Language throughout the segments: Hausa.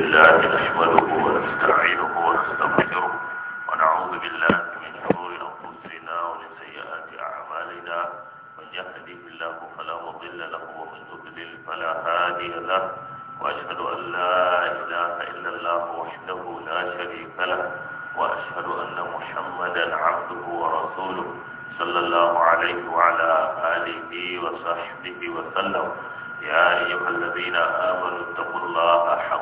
الله نحمده ونستعينه ونستغفره ونعوذ بالله من شرور انفسنا ومن سيئات اعمالنا من يهده الله فلا مضل له ومن يضلل فلا هادي له واشهد ان لا اله الا الله وحده لا شريك له واشهد ان محمدا عبده ورسوله صلى الله عليه وعلى اله وصحبه وسلم يا ايها الذين امنوا اتقوا الله حق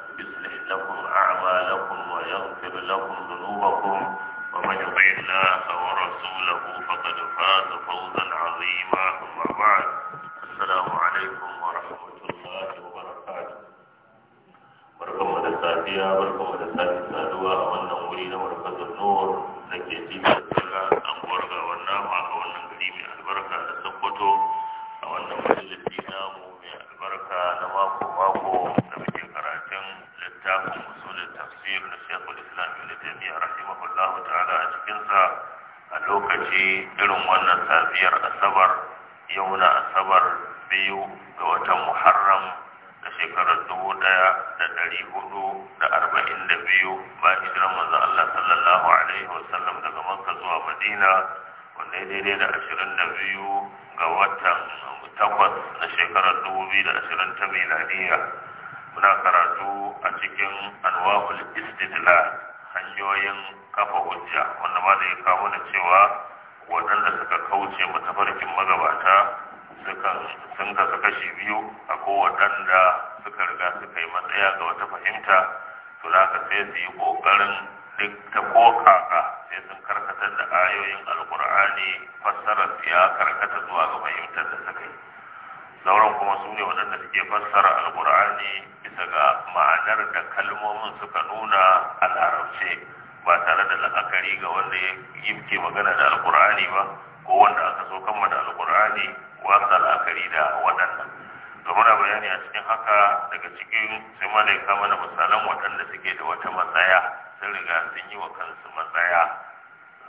لكم أعمالكم ويغفر لكم ذنوبكم ومن يطع الله ورسوله فقد فاز فوزا عظيما أما بعد السلام عليكم ورحمة الله وبركاته barkanmu da safiya barkanmu da sake saduwa a wannan wuri na markazin nur da ke cikin daga an gwarga wannan ibn shekul islam ibn taimiyya rahimahullahu ta'ala a cikinsa a lokaci irin wannan safiyar asabar yau asabar biyu ga watan muharram da shekarar dubu ɗaya da dari hudu da arba'in da biyu bayan hijiran manzo Allah sallallahu alaihi wasallam daga Makka zuwa Madina wanda ya daidai da ashirin da biyu ga watan takwas na shekarar dubu biyu da ashirin ta miladiya muna karatu a cikin anwahul istidla hanyoyin kafa hujja wanda ma da ya kawo na cewa waɗanda suka kauce matafarkin magabata sun kasa kashi biyu a waɗanda suka riga suka yi matsaya ga wata fahimta to za ka sai su yi ƙoƙarin duk ta ko kaka sai sun karkatar da ayoyin alkur'ani fassarar ya karkata zuwa ga fahimtar da suka yi sauran kuma su ne waɗanda suke fassara alkur'ani bisa ga ma'anar da kalmomin suka nuna a larabce ba tare da la'akari ga wanda ya yi magana da alkur'ani ba ko wanda aka so kama da alkur'ani wasa la'akari da waɗannan to muna bayani a cikin haka daga cikin sai kama mana misalan waɗanda suke da wata matsaya sun riga sun yi wa kansu matsaya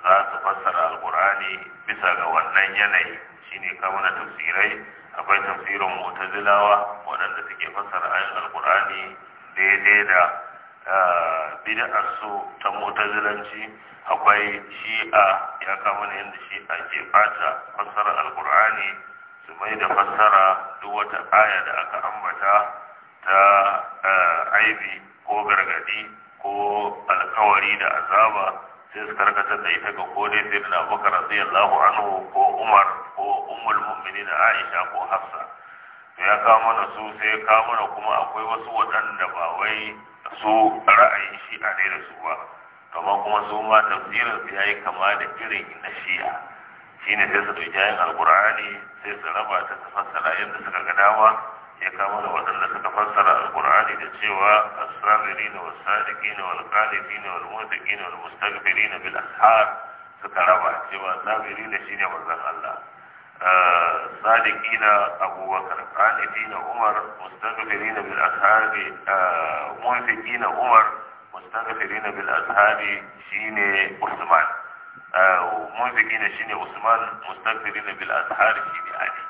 za su fassara alkur'ani bisa ga wannan yanayi shine na tafsirai akwai tafsirin mu'tazilawa waɗanda suke fassara ayin alkur'ani daidai da eh, bid'ar su ta mu'tazilanci akwai shi'a ya kama ne yadda shi'a ke fata fassara alkur'ani su mai da fassara duk wata aya da aka ambata ta eh, aibi ko gargadi ko alkawari da azaba sai su karkatar da ita ga kone sai da abubakar radiyallahu anhu ko umar ko ummul mu'minin aisha ko hafsa to ya kawo mana su sai ya kawo mana kuma akwai wasu waɗanda ba wai su ra'ayin shi'a ne da su ba kamar kuma su ma tafsirin su yi kama da irin na shi'a shine sai su ɗauki ayin alkur'ani sai su raba ta fassara yadda suka ga dama ya kama da waɗanda suka fassara alkur'ani da cewa as-sabirin wa sadiqin wal qanitin wal mutaqin wal mustaghfirin bil ashar suka raba cewa sabirin shine manzon Allah ah, sadiqina abubakar qanitin umar mustaghfirin bil ashar ah, mutaqin umar mustaghfirin bil ashar shine usman ah, mutaqin shine usman mustaghfirin bil ashar shine ali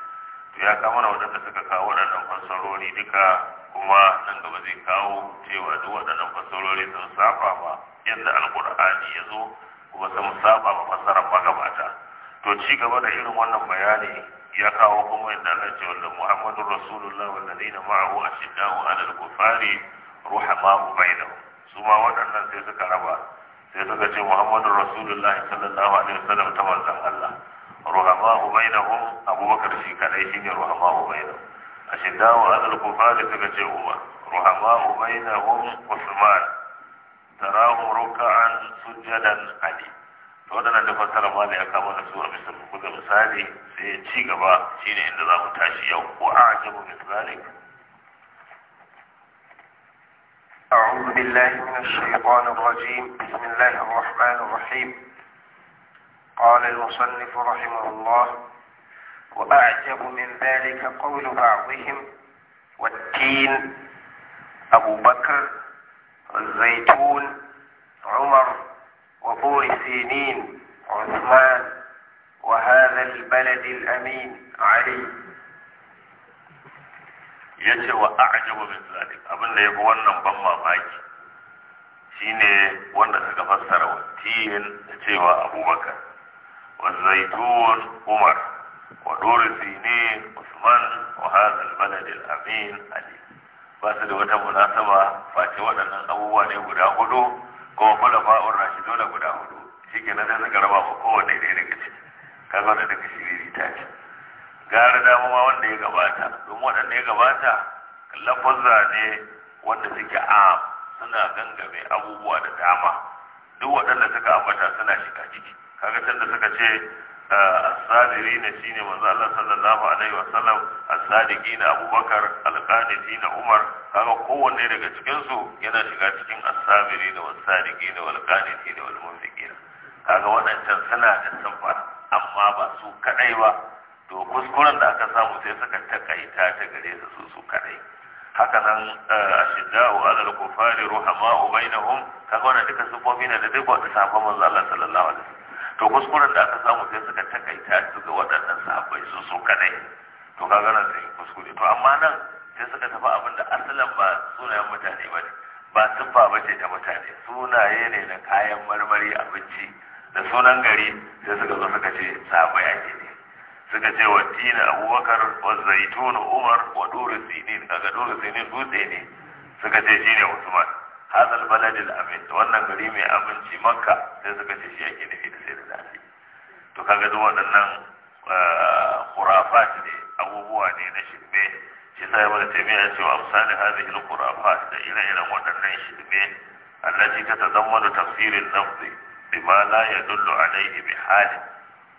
ya kama na waɗanda suka kawo waɗannan fassarori duka kuma nan gaba zai kawo cewa duk waɗannan fassarori sun saba ma yadda alkur'ani ya zo kuma sun saba ma fassarar magabata to ci gaba da irin wannan bayani ya kawo kuma yadda Allah ce wanda Muhammadur Rasulullah wallazina ma'ahu ashidda'u 'alal kufari bai bainahum su ma waɗannan sai suka raba sai suka ce muhammadu Rasulullah sallallahu alaihi wasallam ta wanzan Allah رحمه بينهم أبو بكر في كنيهن رحمه بينهم أشداء أهل الكفار تكجئوا رحمه بينهم عثمان تراه ركعا سجدا علي فأنا نتفتر ما لي أكام نسورة مثل مقود مسالي في تيغبا شين عند الله متاشي وأعجب من ذلك أعوذ بالله من الشيطان الرجيم بسم الله الرحمن الرحيم قال المصنف رحمه الله وأعجب من ذلك قول بعضهم والتين أبو بكر الزيتون عمر وبور سينين عثمان وهذا البلد الأمين علي yace wa a'jabu min zalik abin da yafi wannan ban mamaki shine wanda suka fassara wa tiyin da cewa abubakar والزيتون عمر ودور سينين عثمان وهذا البلد الأمين علي بس da wata munasaba face waɗannan abubuwa ne guda hudu ko khulafa'ur rashidun guda hudu shikenan sai suka raba ko kowanne ne daga ciki kaga da daga shiriri ta ce gara dama ma wanda ya gabata domin waɗanda ya gabata lafazza ne wanda suke a suna gangame abubuwa da dama duk waɗanda suka ambata suna shiga ciki kaga can da suka ce asadiri ah, ne shine manzo Allah sallallahu alaihi wasallam asadiki na Abubakar alqaniti na Umar kaga kowanne daga cikin su yana shiga cikin asabiri ne al ne walqaniti ne walmunfiqi kaga waɗancan suna da sanfa amma ba su kadai ba to kuskuren da aka samu sai suka takaita ta gare su su su kadai haka nan ah, ashidda'u alal kufari ruhama'u bainahum kaga wannan duka sufofi ne da duk wata safa manzo Allah sallallahu alaihi wasallam to kuskuren da aka samu sai suka takaita su ga waɗannan sahabbai su su kadai to ka nan sai kuskure to amma nan sai suka tafi abin da asalan ba sunayen mutane ba ne ba tuffa ba ce ta mutane sunaye ne na kayan marmari abinci da sunan gari sai suka zo suka ce sahabbai ake ne suka ce wa dina abubakar wa zaitun umar wa duru sinin daga duru sinin dutse ne suka ce shine usman hadal baladil amin wannan gari mai abinci makka sai suka ce shi yake da da sai da zafi to kaga duk waɗannan khurafat ne abubuwa ne na shirme shi sai wanda tabi'a ce wa amsalin hadhihi al khurafat da ire-iren waɗannan shirme allati ta tafsir al-lafz bima la yadullu alayhi bi hali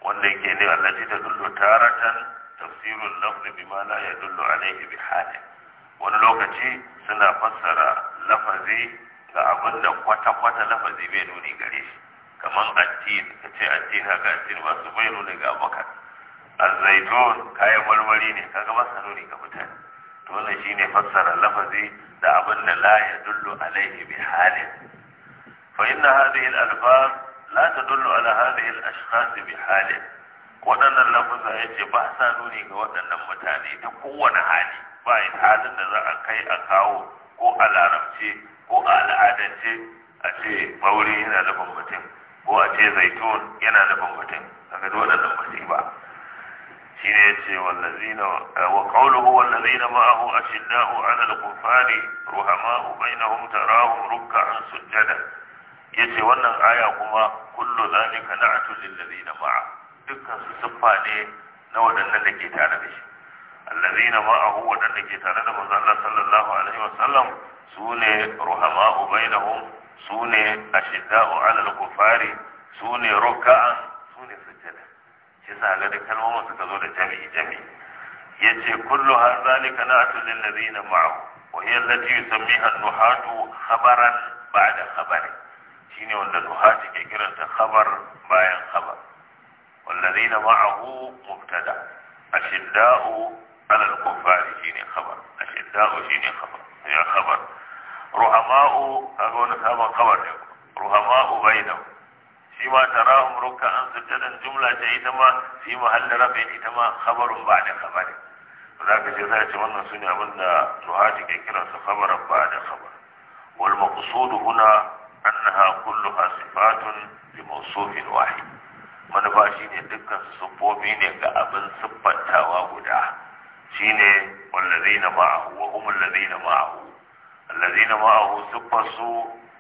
wanda yake ne allati dullu taratan tafsir al-lafz bima la yadullu alayhi bi hali wani lokaci suna fassara lafazi ga abin da kwata-kwata lafazi bai nuni gare shi kamar addini ka ce addini haka addini ba su bai nuni ga abokan azzaitun kayan marmari ne kaga ba sa nuni ga mutane to wannan shine fassara lafazi da abin da la ya dullu alaihi bi halin fa inna hadhihi al-alfaz la tadullu ala hadhihi al-ashkhas bi halin waɗannan lafaza yace ba sa nuni ga waɗannan mutane ta kowane hali ba halin da za a kai a kawo ko a larabce ko a al'adance a ce mauri yana nufin mutum ko a ce zaitun yana nufin mutum daga dole da musiba shi ne ya ce wallazina eh, wa qawluhu wallazina ma'ahu ashidda'u 'ala al-kufari ruhama'u bainahum tarahum ruk'an sujjada ce, wannan aya kuma kullu zalika na'atun lil na ma'a dukkan su siffa ne na waɗannan da ke tare da shi allazina ma'ahu wadanda ke tare da manzon Allah sallallahu alaihi wasallam su ne ruhama'u bainahum su ne ashidda'u alal kufari su ne ruka'an su ne sujjada shi sa ga da kalmomin suka zo da jami'i jami'i ce kullu har zalika na'atul da zina ma'ahu wa hiya allati yusammiha an-nuhatu khabaran ba'da khabari ne wanda nuhati ke kiranta khabar bayan khabar mubtada? معه alal أشداء shi ne شيني خبر shi ne خبر ruhama'u a ga wani sabon kabar ne ruhama'u bai bainam shi ma tarahum rukkan sujadan jumla ce ita ma fi mahallin rabin ita ma khabarun ba da khabarin za ka ce za a ce wannan su ne abin da nuhati ke su khabaran ba da khabar wal maqsudu huna annaha kulluha sifatun li mawsufin wahid manufa shine dukkan sufofi ne ga abin siffantawa guda shine wallazina ma'ahu wa hum allazina ma'ahu allazina ma'ahu siffar su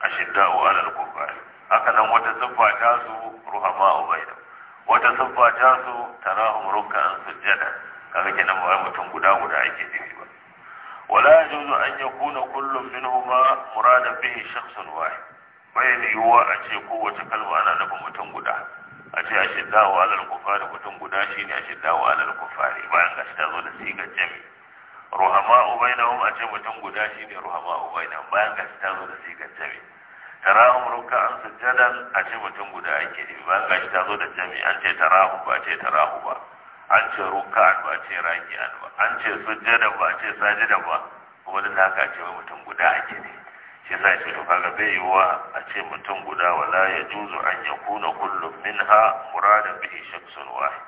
ashidda'u alal kuffar haka nan wata siffa ta su ruhama'u bainahum wata siffa ta su tarahum rukkan sujjada kaga kenan ba mutum guda guda ake nufi ba wala yajuzu an yakuna kullum minhuma muradan bihi shakhsun wahid bayan yiwuwa a ce kowace kalma ana nufin mutum guda a ce a shidda wa alal kufari mutum guda shine a shidda wa alal kufari bayan gashi ta zo da sigar jami'i ruhama ubainahum a ce mutum guda shi ne ruhama ubainahum bayan ga shi tazo da sigar jami tarahum an sujadan a ce mutum guda ake ne bayan ga shi tazo da jami an ce tarahum ba ce tarahu ba an ce an ba ce an ba an ce sujadan ba ce sajidan ba kuma da haka ce mutum guda ake ne shi sa ce tuka ga bai yiwuwa, a ce mutum guda wala ya juzu an kuna kullum ha muradan bihi shaksun wahid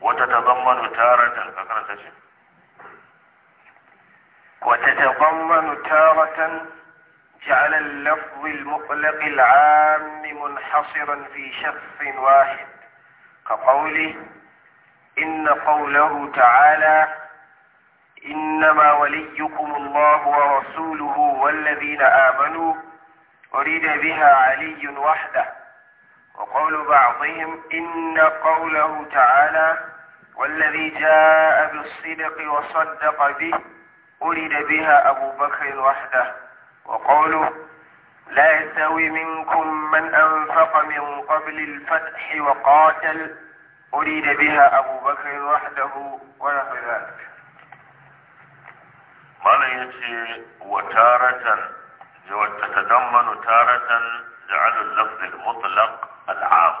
wata ta tazammanu taratan kakar ta shi وتتضمن تارة جعل اللفظ المطلق العام منحصرا في شخص واحد كقوله إن قوله تعالى إنما وليكم الله ورسوله والذين آمنوا أريد بها علي وحده وقول بعضهم إن قوله تعالى والذي جاء بالصدق وصدق به أرد بها أبو بكر وحده وقوله لا يستوي منكم من أنفق من قبل الفتح وقاتل أريد بها أبو بكر وحده ونحو ذلك قال يتي وتارة تتضمن تارة جعل اللفظ المطلق العام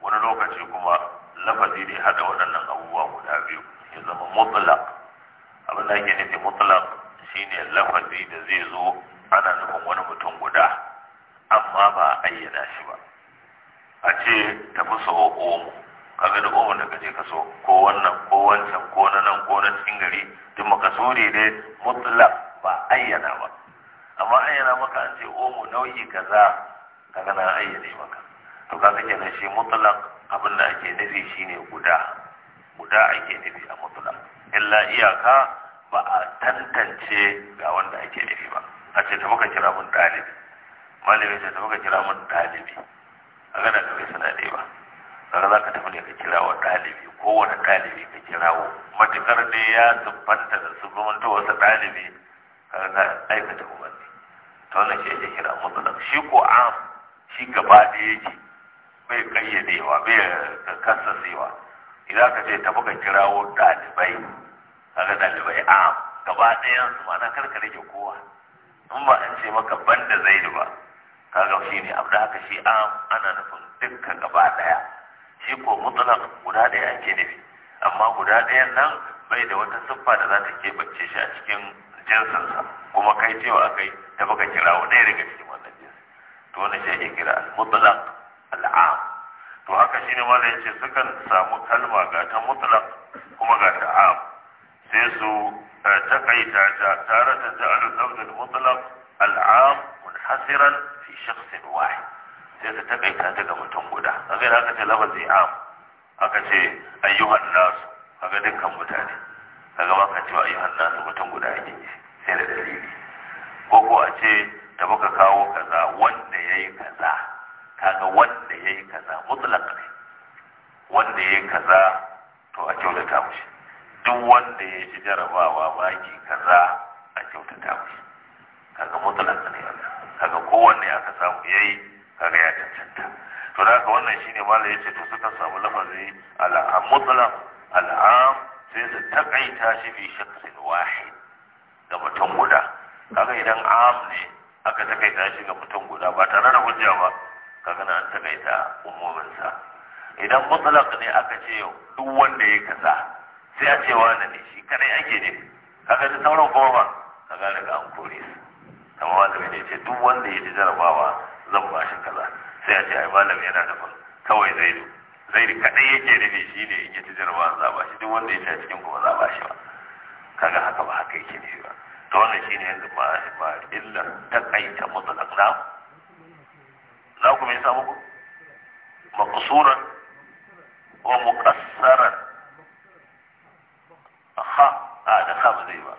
ونلوك تيكما لفظي لهذا ودنا أبواب الأبيب إذا مطلق abin da ake nufi mutlaq shine lafazi da zai zo ana nufin wani mutum guda amma ba a ayyana shi ba a ce tafi so omo kaga da omo da kaje ka so ko wannan ko wancan ko na nan ko na cikin gari duk ne dai mutlaq ba ayyana ba amma ayyana maka an ce omo nau'i kaza kaga na ayyane maka to kaga kenan shi mutlaq abin da ake nufi shine guda guda ake nufi a mutlaq illa iyaka ba a tantance ga wanda ake nufi ba a ce ta muka kira mun ɗalibi malami ce ta muka kira mun ɗalibi a gana da bai sana ne ba daga za ka tafi ne ka kira wa ɗalibi kowane ɗalibi ka kira wa Matukar ne ya siffanta da su ta wasu ɗalibi kaga ga aikata umarni ta wannan shi ake kira mutsalar shi ko an shi gaba da yake bai kayyadewa bai kasasewa idan ka ce tafi ka kirawo ɗalibai aka dalibai a gaba ɗayan su mana kar kowa in ba an ce maka banda zaidu ba kaga shi ne abu da haka shi a ana nufin dukka gaba ɗaya shi ko guda ɗaya ake nufi amma guda ɗayan nan bai da wata siffa da za ta keɓance shi a cikin jinsinsa kuma kai cewa akai da baka kira wa ɗaya daga cikin wannan jinsi to wani shi ake kira al al'am to haka shine malai yace sukan samu kalma ga ta mutlaq kuma ga ta sai su taƙaita ta tare da ja'alul lafzul mutlaq al'am munhasiran fi shakhsin wahid sai su taƙaita ta ga mutum guda kaga da aka ce lafazi am aka ce ayyuhan nasu kaga dukkan mutane kaga ba ka cewa ayyuhan nasu mutum guda yake sai da dalili ko ko a ce da muka kawo kaza wanda ya yi kaza kaga wanda ya yi kaza mutlaq ne wanda ya yi kaza to a kyautata mushi duk wanda ya ci jarabawa baki kaza a kyautata mashi kaga mutlaka ne wannan kaga kowanne aka samu yayi kaga ya cancanta to da haka wannan shine malai yace to suka samu lafazi al'am mutlaq al'am sai su takaita shi fi shakhsin wahid ga mutum guda kaga idan am ne aka takaita shi ga mutum guda ba tare da hujja ba kaga na takaita umurinsa. idan mutlaq ne aka ce duk wanda ya kaza sai a ce na ne shi kadai ake ne kaga da sauran kuma ba ka gane ga an kore su kamar malami ne ce duk wanda ya ji jarabawa zan ba shi kaza sai a ce ai malami yana da kawai zai do. zai kadai yake ne shi ne in ya ji jarabawa za ba shi duk wanda ya ci a cikin kuma za ba shi ba kaga haka ba haka yake ne ba to wannan shi ne yanzu ba ba illar takaita mutlaq na za ku me yasa muku maqsuran wa muqassaran a da kam zai ba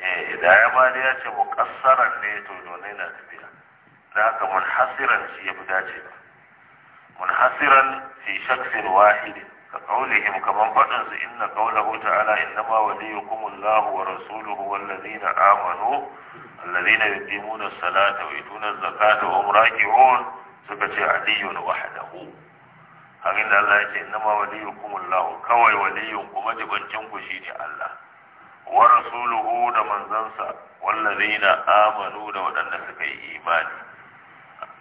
eh idan ya ba da ya ce muqassaran ne to dole yana tafiya da haka munhasiran shi ya buda ce ba munhasiran fi shakhsin wahid ka kaulihi kaman fadin su inna qawlahu ta'ala innama waliyukum Allahu wa rasuluhu walladhina amanu alladhina yuqimuna as-salata wa yutuna az-zakata wa hum raki'un suka ce aliyun wahdahu abinda Allah ya ce inna ma waliyukum Allah kawai waliyun kuma jibancin ku shi ne Allah wa rasuluhu da manzansa wallazina amanu da waɗanda suka yi imani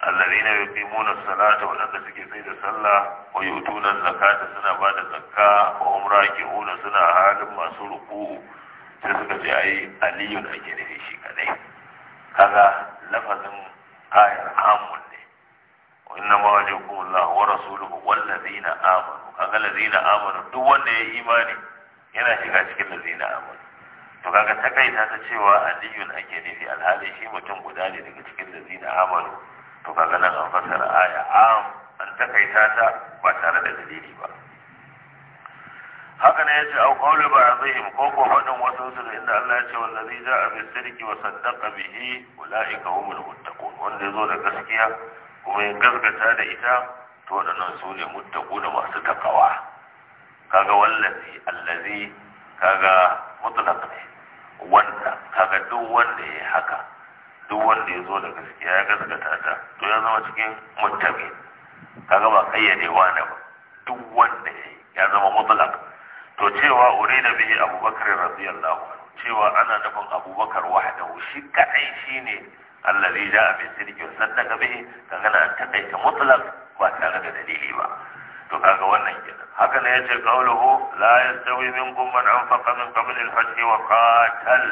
allazina yuqimuna as-salata waɗanda suke sai da sallah wa yutuna zakata suna ba da zakka wa hum raki'una suna halin masu ruku'u sai suka ce ai aliyun ake nufi shi kadai kaga lafazin ayar amun ne wa kaga duk wanda ya imani yana shiga cikin lazina amanu to kaga takaita ta cewa aliyun ake nufi alhali shi mutum guda ne daga cikin lazina amanu to kaga nan an fasara aya am an takaita ta ba tare da dalili ba haka ne yace au qawlu ba'dihim ko ko fadin wasu su inda Allah ya ce wallazi za a sidqi wa saddaqa bihi ulaika humul muttaqun wanda zo da gaskiya kuma ya gaskata da ita to wadannan su ne muttaquna masu takawa kaga wallazi allazi kaga mutlaq ne wanda kaga duk wanda ya haka duk wanda ya zo da gaskiya ya gaskata ta to ya zama cikin muttabi kaga ba kayyade wani ba duk wanda ya zama mutlak to cewa urida bihi abubakar radiyallahu anhu cewa ana nufin abubakar wahdahu shi kadai shine allazi ja'a bi sirri saddaka bihi kaga na takaita mutlak ba tare da dalili ba to kaga wannan kenan haka ne yace qawluhu la yastawi minkum man anfaqa min qabl al-fath wa qatal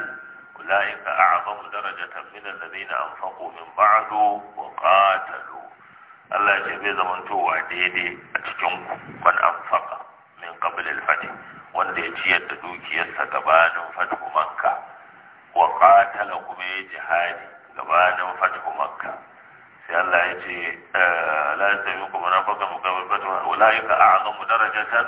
ulaika a'zamu darajatan min alladhina anfaqu min ba'du wa qatalu Allah ce bai zamantowa daidai a cikin ku man anfaqa min qabl al-fath wanda ya ciyar da dukiyarsa gabanin fathu makka wa qatala kuma ya jihadi gabanin fathu makka sai Allah ya ce eh, la yastawiku munafiqun mukabbatun ulaika a'zamu darajatan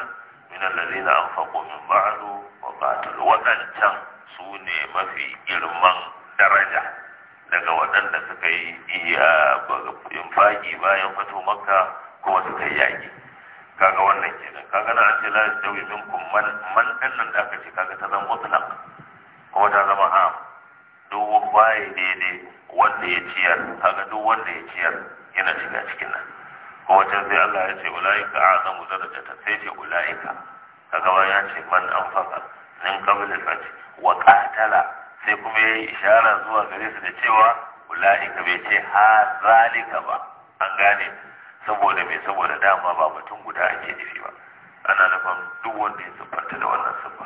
min allazina anfaqu min ba'du wa waɗancan su ne mafi girman daraja daga waɗanda suka yi iya infaki bayan fito makka kuma suka yi yaƙi kaga wannan kenan kaga na an ce la min ku man ɗan nan da aka ce kaga ta zama mutlaq kuma ta zama am duk waye daidai wanda ya ciyar kaga duk wanda ya ciyar yana shiga cikin nan ko wajen sai Allah ya ce ulaika azamu darajata sai ce ulaika kaga ba ya ce man anfaqa min qabl al wa qatala sai kuma yayi ishara zuwa gare su da cewa ulaika bai ce ha zalika ba an gane saboda me saboda dama ba mutum guda ake nufi ba ana nufin duk wanda ya siffanta da wannan siffa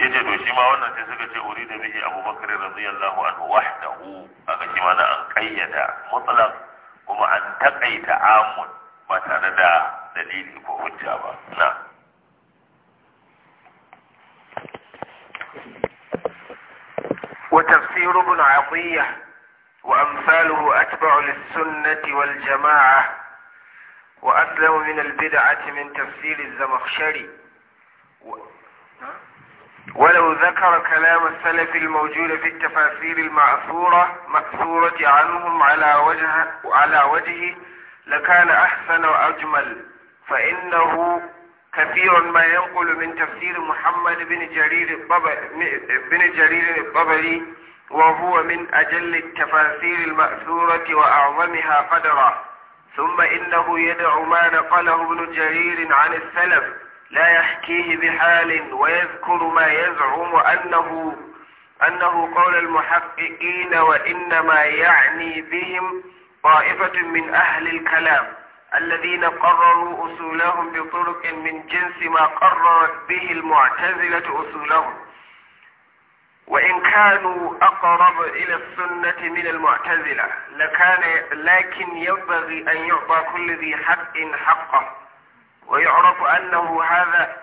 yace to shi ma wannan sai suka ce urida bihi Abu abubakar radiyallahu anhu wahdahu aka ji mana an kayyada mutlaq kuma an taqaita amun ba tare da dalili ko hujja ba na وتفسير ابن عطية وأمثاله أتبع للسنة والجماعة وأسلم من البدعة من تفسير الزمخشري ولو ذكر كلام السلف الموجود في التفاسير المعثورة مأثورة عنهم على وجه على وجهه لكان أحسن وأجمل فإنه كثير ما ينقل من تفسير محمد بن جرير بن جرير الطبري وهو من أجل التفاسير المأثورة وأعظمها قدرا ثم إنه يدع ما نقله ابن جرير عن السلف لا يحكيه بحال ويذكر ما يزعم أنه أنه قول المحققين وإنما يعني بهم طائفة من أهل الكلام الذين قرروا أصولهم بطرق من جنس ما قررت به المعتزلة أصولهم وإن كانوا أقرب إلى السنة من المعتزلة لكان لكن ينبغي أن يعطى كل ذي حق حقه ويعرف أنه هذا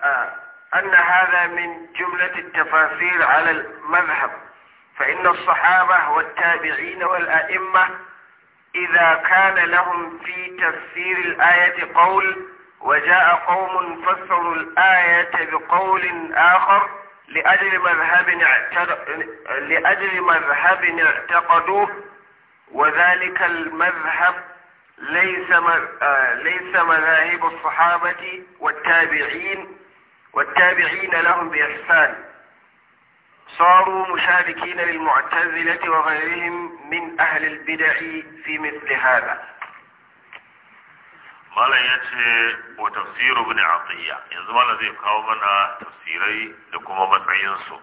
أن هذا من جملة التفاسير على المذهب فإن الصحابة والتابعين والأئمة إذا كان لهم في تفسير الآية قول وجاء قوم فسروا الآية بقول آخر لأجل مذهب لأجل مذهب اعتقدوه وذلك المذهب ليس آه، ليس مذاهب الصحابة والتابعين والتابعين لهم بإحسان صاروا مشاركين للمعتزلة وغيرهم من أهل البدع في مثل هذا ما لا يتي وتفسير ابن عطية يزمى الذي قومنا تفسيري لكم من عينسو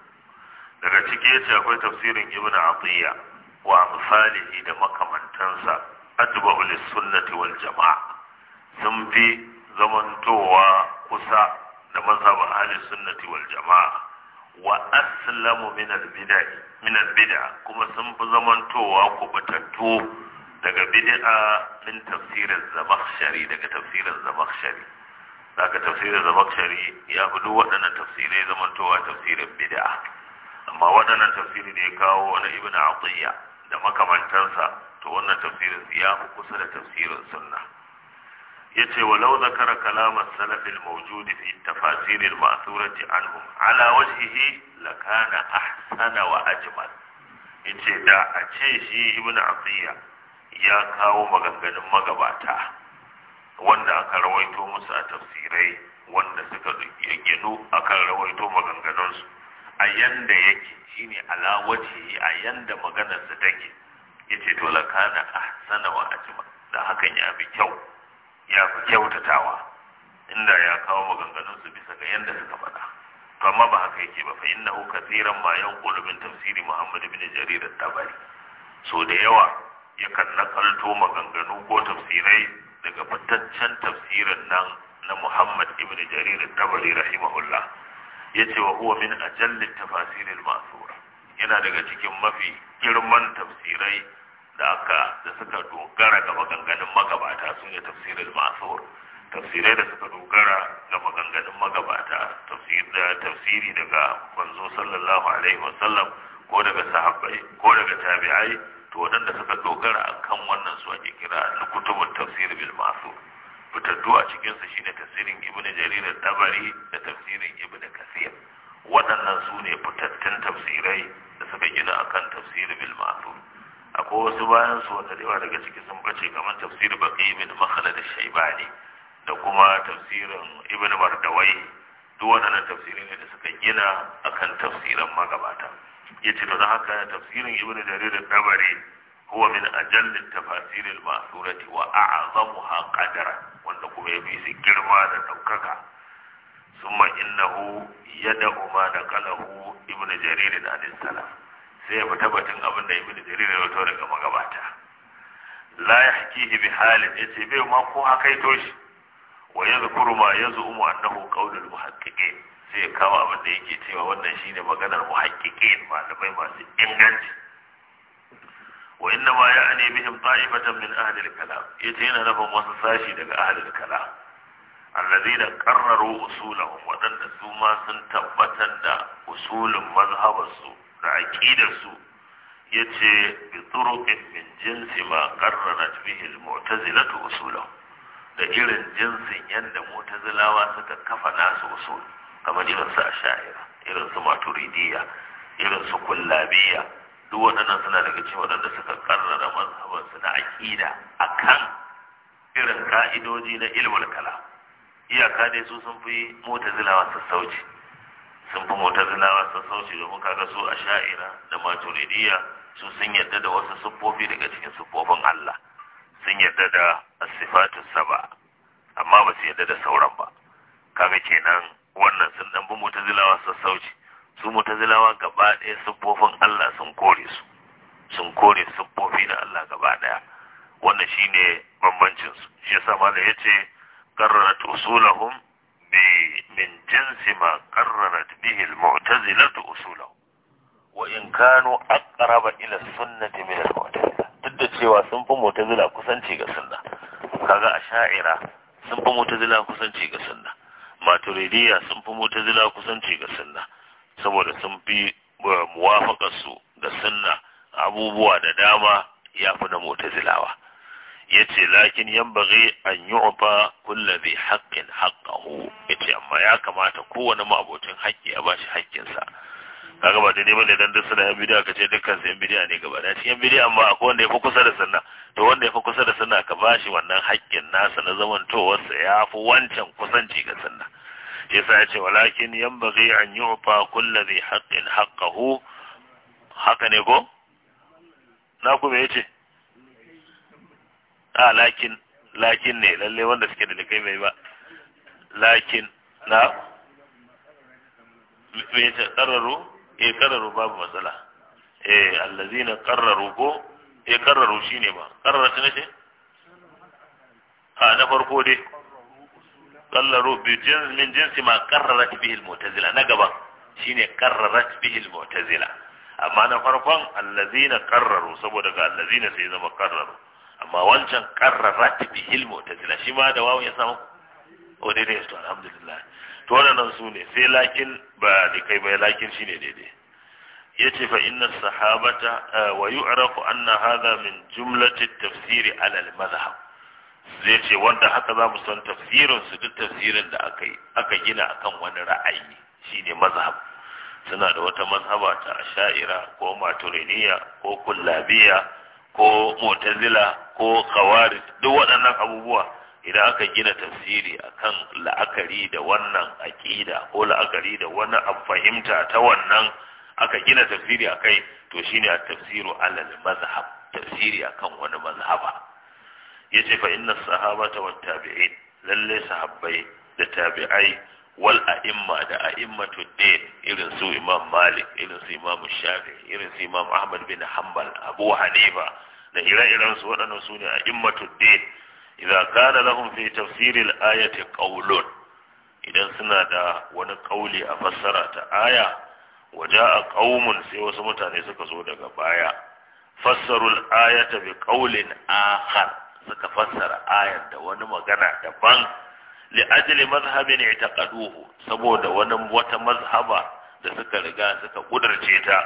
لكي يتي أقول تفسير ابن عطية وأمثاله دمك من تنسى atba'u sunnati wal jama'a sun fi zamantowa kusa da mazhab ahli sunnati wal jama'a wa aslamu min al-bid'ah kuma sun fi zamantowa kubutattu daga bid'a min tafsirin zamakhshari daga tafsirin zamakhshari daga tafsirin zamakhshari ya fi duk waɗannan tafsirai zamantowa tafsirin bid'a amma waɗannan tafsiri ne ya kawo na ibn atiyya da makamantansa to wannan tafsirin ya fi kusa da tafsirin sunna ce, walau zakara kalam as-salaf al-mawjud fi tafasir al-ma'thurati ala wajhihi lakana ahsana wa ajmal yace da a ce shi ibnu afiya ya kawo maganganun magabata wanda aka rawaito musu a tafsirai wanda suka yaggino akan rawaito maganganunsu a yanda yake shine ala wajhihi a yanda maganarsa take ya ce to a ahsana wa ajma da hakan ya fi kyau ya fi kyautatawa inda ya kawo maganganunsu bisa ga yadda suka faɗa to amma ba haka yake ba fa innahu kathiran ma yanqulu min tafsiri Muhammad ibn Jarir tabari so da yawa ya kan nakalto maganganu ko tafsirai daga fitaccen tafsirin nan na Muhammad ibn Jarir at-Tabari rahimahullah yace wa huwa min ajallit tafasir al-ma'thura yana daga cikin mafi girman tafsirai da aka da suka dogara ga maganganun magabata sun yi tafsirin masu tafsirai da suka dogara ga maganganun magabata tafsiri daga manzo sallallahu alaihi wasallam ko daga sahabbai ko daga tabi'ai to waɗanda suka dogara kan wannan su ake kira lukutubun tafsir bil masur fitattu a cikin su shine tafsirin Ibn jarir tabari da tafsirin ibnu kasir waɗannan su ne fitattun tafsirai da suka gina akan tafsirin bil masur akwai wasu bayan su wanda da daga ciki sun bace kamar tafsir baqi ibn da shaybani da kuma tafsirin ibn mardawai duk wannan tafsiri ne da suka gina akan tafsirin magabata yace to haka tafsirin ibn jarir tabari huwa min ajall tafasir al masurati wa a'zamuha qadara wanda kuma yafi su girma da daukaka innahu yada, ma da نقله Ibn جرير al السلف sai ya fita batun abin da ibnu jarir da wato daga magabata la yahkihi bi halin ce, bai ma ko hakaito toshi." wa ya yadhkuru ma yaz'umu annahu qawlul muhaqqiqin sai ya kawo abin da yake cewa wannan shine maganar muhaqqiqin malamai masu inganci wa inna ma ya'ni bihim ta'ifatan min ahalil al ya yace yana nufin wasu sashi daga ahalil kala allazi da qarraru usulahum wadanda su ma sun tabbatar da usulun mazhabarsu da ya yace bi turuqin min jinsi ma qarrarat bihi al-mu'tazilatu usulahu da irin jinsin yanda mu'tazilawa suka kafa nasu usul kamar irin su asha'ira irin su maturidiyya irin su kullabiyya duk waɗannan suna daga cikin waɗanda suka karrara mazhabansu na aqida akan irin ka'idoji na ilmul kalam iyaka dai su sun fi mu'tazilawa sassauci sun fi mutazilawa sun sauce muka ga su a sha'ira da maturidiyya su sun yarda da wasu siffofi daga cikin siffofin Allah sun yarda da sifatu saba amma ba su yarda da sauran ba kaga kenan wannan sun dan bi mutazilawa sun sauce su mutazilawa gaba ɗaya siffofin Allah sun kore su sun kore siffofi na Allah gaba ɗaya wannan shine bambancin su shi yasa malai yace qarrat usulahum من جنس ما قررت به المعتزلة أصوله وإن كانوا ila إلى السنة من المعتزلة ضد cewa sun fi mu'tazila kusanci ga sunna kaga asha'ira sun fi mu'tazila kusanci ga sunna maturidiyya sun fi mu'tazila kusanci ga sunna saboda sun fi eh, muwafaqar su da sunna abubuwa da dama ya fi na mu'tazilawa Ya ce lakin yan yanbaghi an yi yu'ta kullu bi haƙƙahu Ya ce amma ya kamata kowane ma'abocin haƙƙi a bashi haƙƙinsa Ka gaba daidai neman idan duk suna yan ka ce dukkan su yan bidiyar ne gaba da cikin bidiyar amma akwai wanda fi kusa da suna to wanda ya fi kusa da suna ka bashi wannan haƙƙin nasa na zamantowar sa fi wancan kusanci ga sunna yasa yace walakin yanbaghi an ofa kullu bi haƙƙin haƙƙahu haka ne ko na kuma ya ce a lakin lakin ne lalle wanda suke da kai bai ba lakin na me ta qarraru eh qarraru babu matsala eh allazina qarraru ko eh qarraru shine ba qarrata ta ce a na farko dai qarraru bi jins min jinsi ma qarrarat bihi al-mu'tazila na gaban shine qarrarat bihi al-mu'tazila amma na farkon allazina qarraru saboda ga allazina sai zama qarraru amma wancan qarrarat ta mu'tazila shi ma da wawu ya samu o oh, daidai alhamdulillah to wannan su ne sai lakin ba da kai ba lakin shine daidai yace fa inna sahabata eh, wa an anna hadha min jumlati tafsiri alal mazhab madhhab zai ce wanda haka za mu san tafsirin su duk tafsirin da aka aka gina akan wani ra'ayi shine mazhab suna da wata mazhaba ta asha'ira ko maturidiya ko kullabiya ko mu'tazila ko kawarit duk waɗannan abubuwa idan aka gina tafsiri akan la'akari da wannan aƙida ko la'akari da wani fahimta ta wannan aka gina tafsiri akai to shine at-tafsiru alal mazhab tafsiri akan wani mazhaba yace fa inna sahabata wat tabi'in lalle sahabbai da tabi'ai wal a'imma da a'immatu din irin su imam malik irin su imam shafi irin su imam ahmad bin hanbal abu hanifa da ire-iren su waɗannan su ne a'immatu din idan kana lahum fi tafsir al-ayati idan suna da wani kauli a fassara ta aya a qaumun sai wasu mutane suka zo daga baya fassaru al-ayata bi qawlin akhar suka fassara ayar da wani magana daban li'ajli mazhabin i'taqaduhu saboda wani wata mazhaba da suka riga suka kudurce ta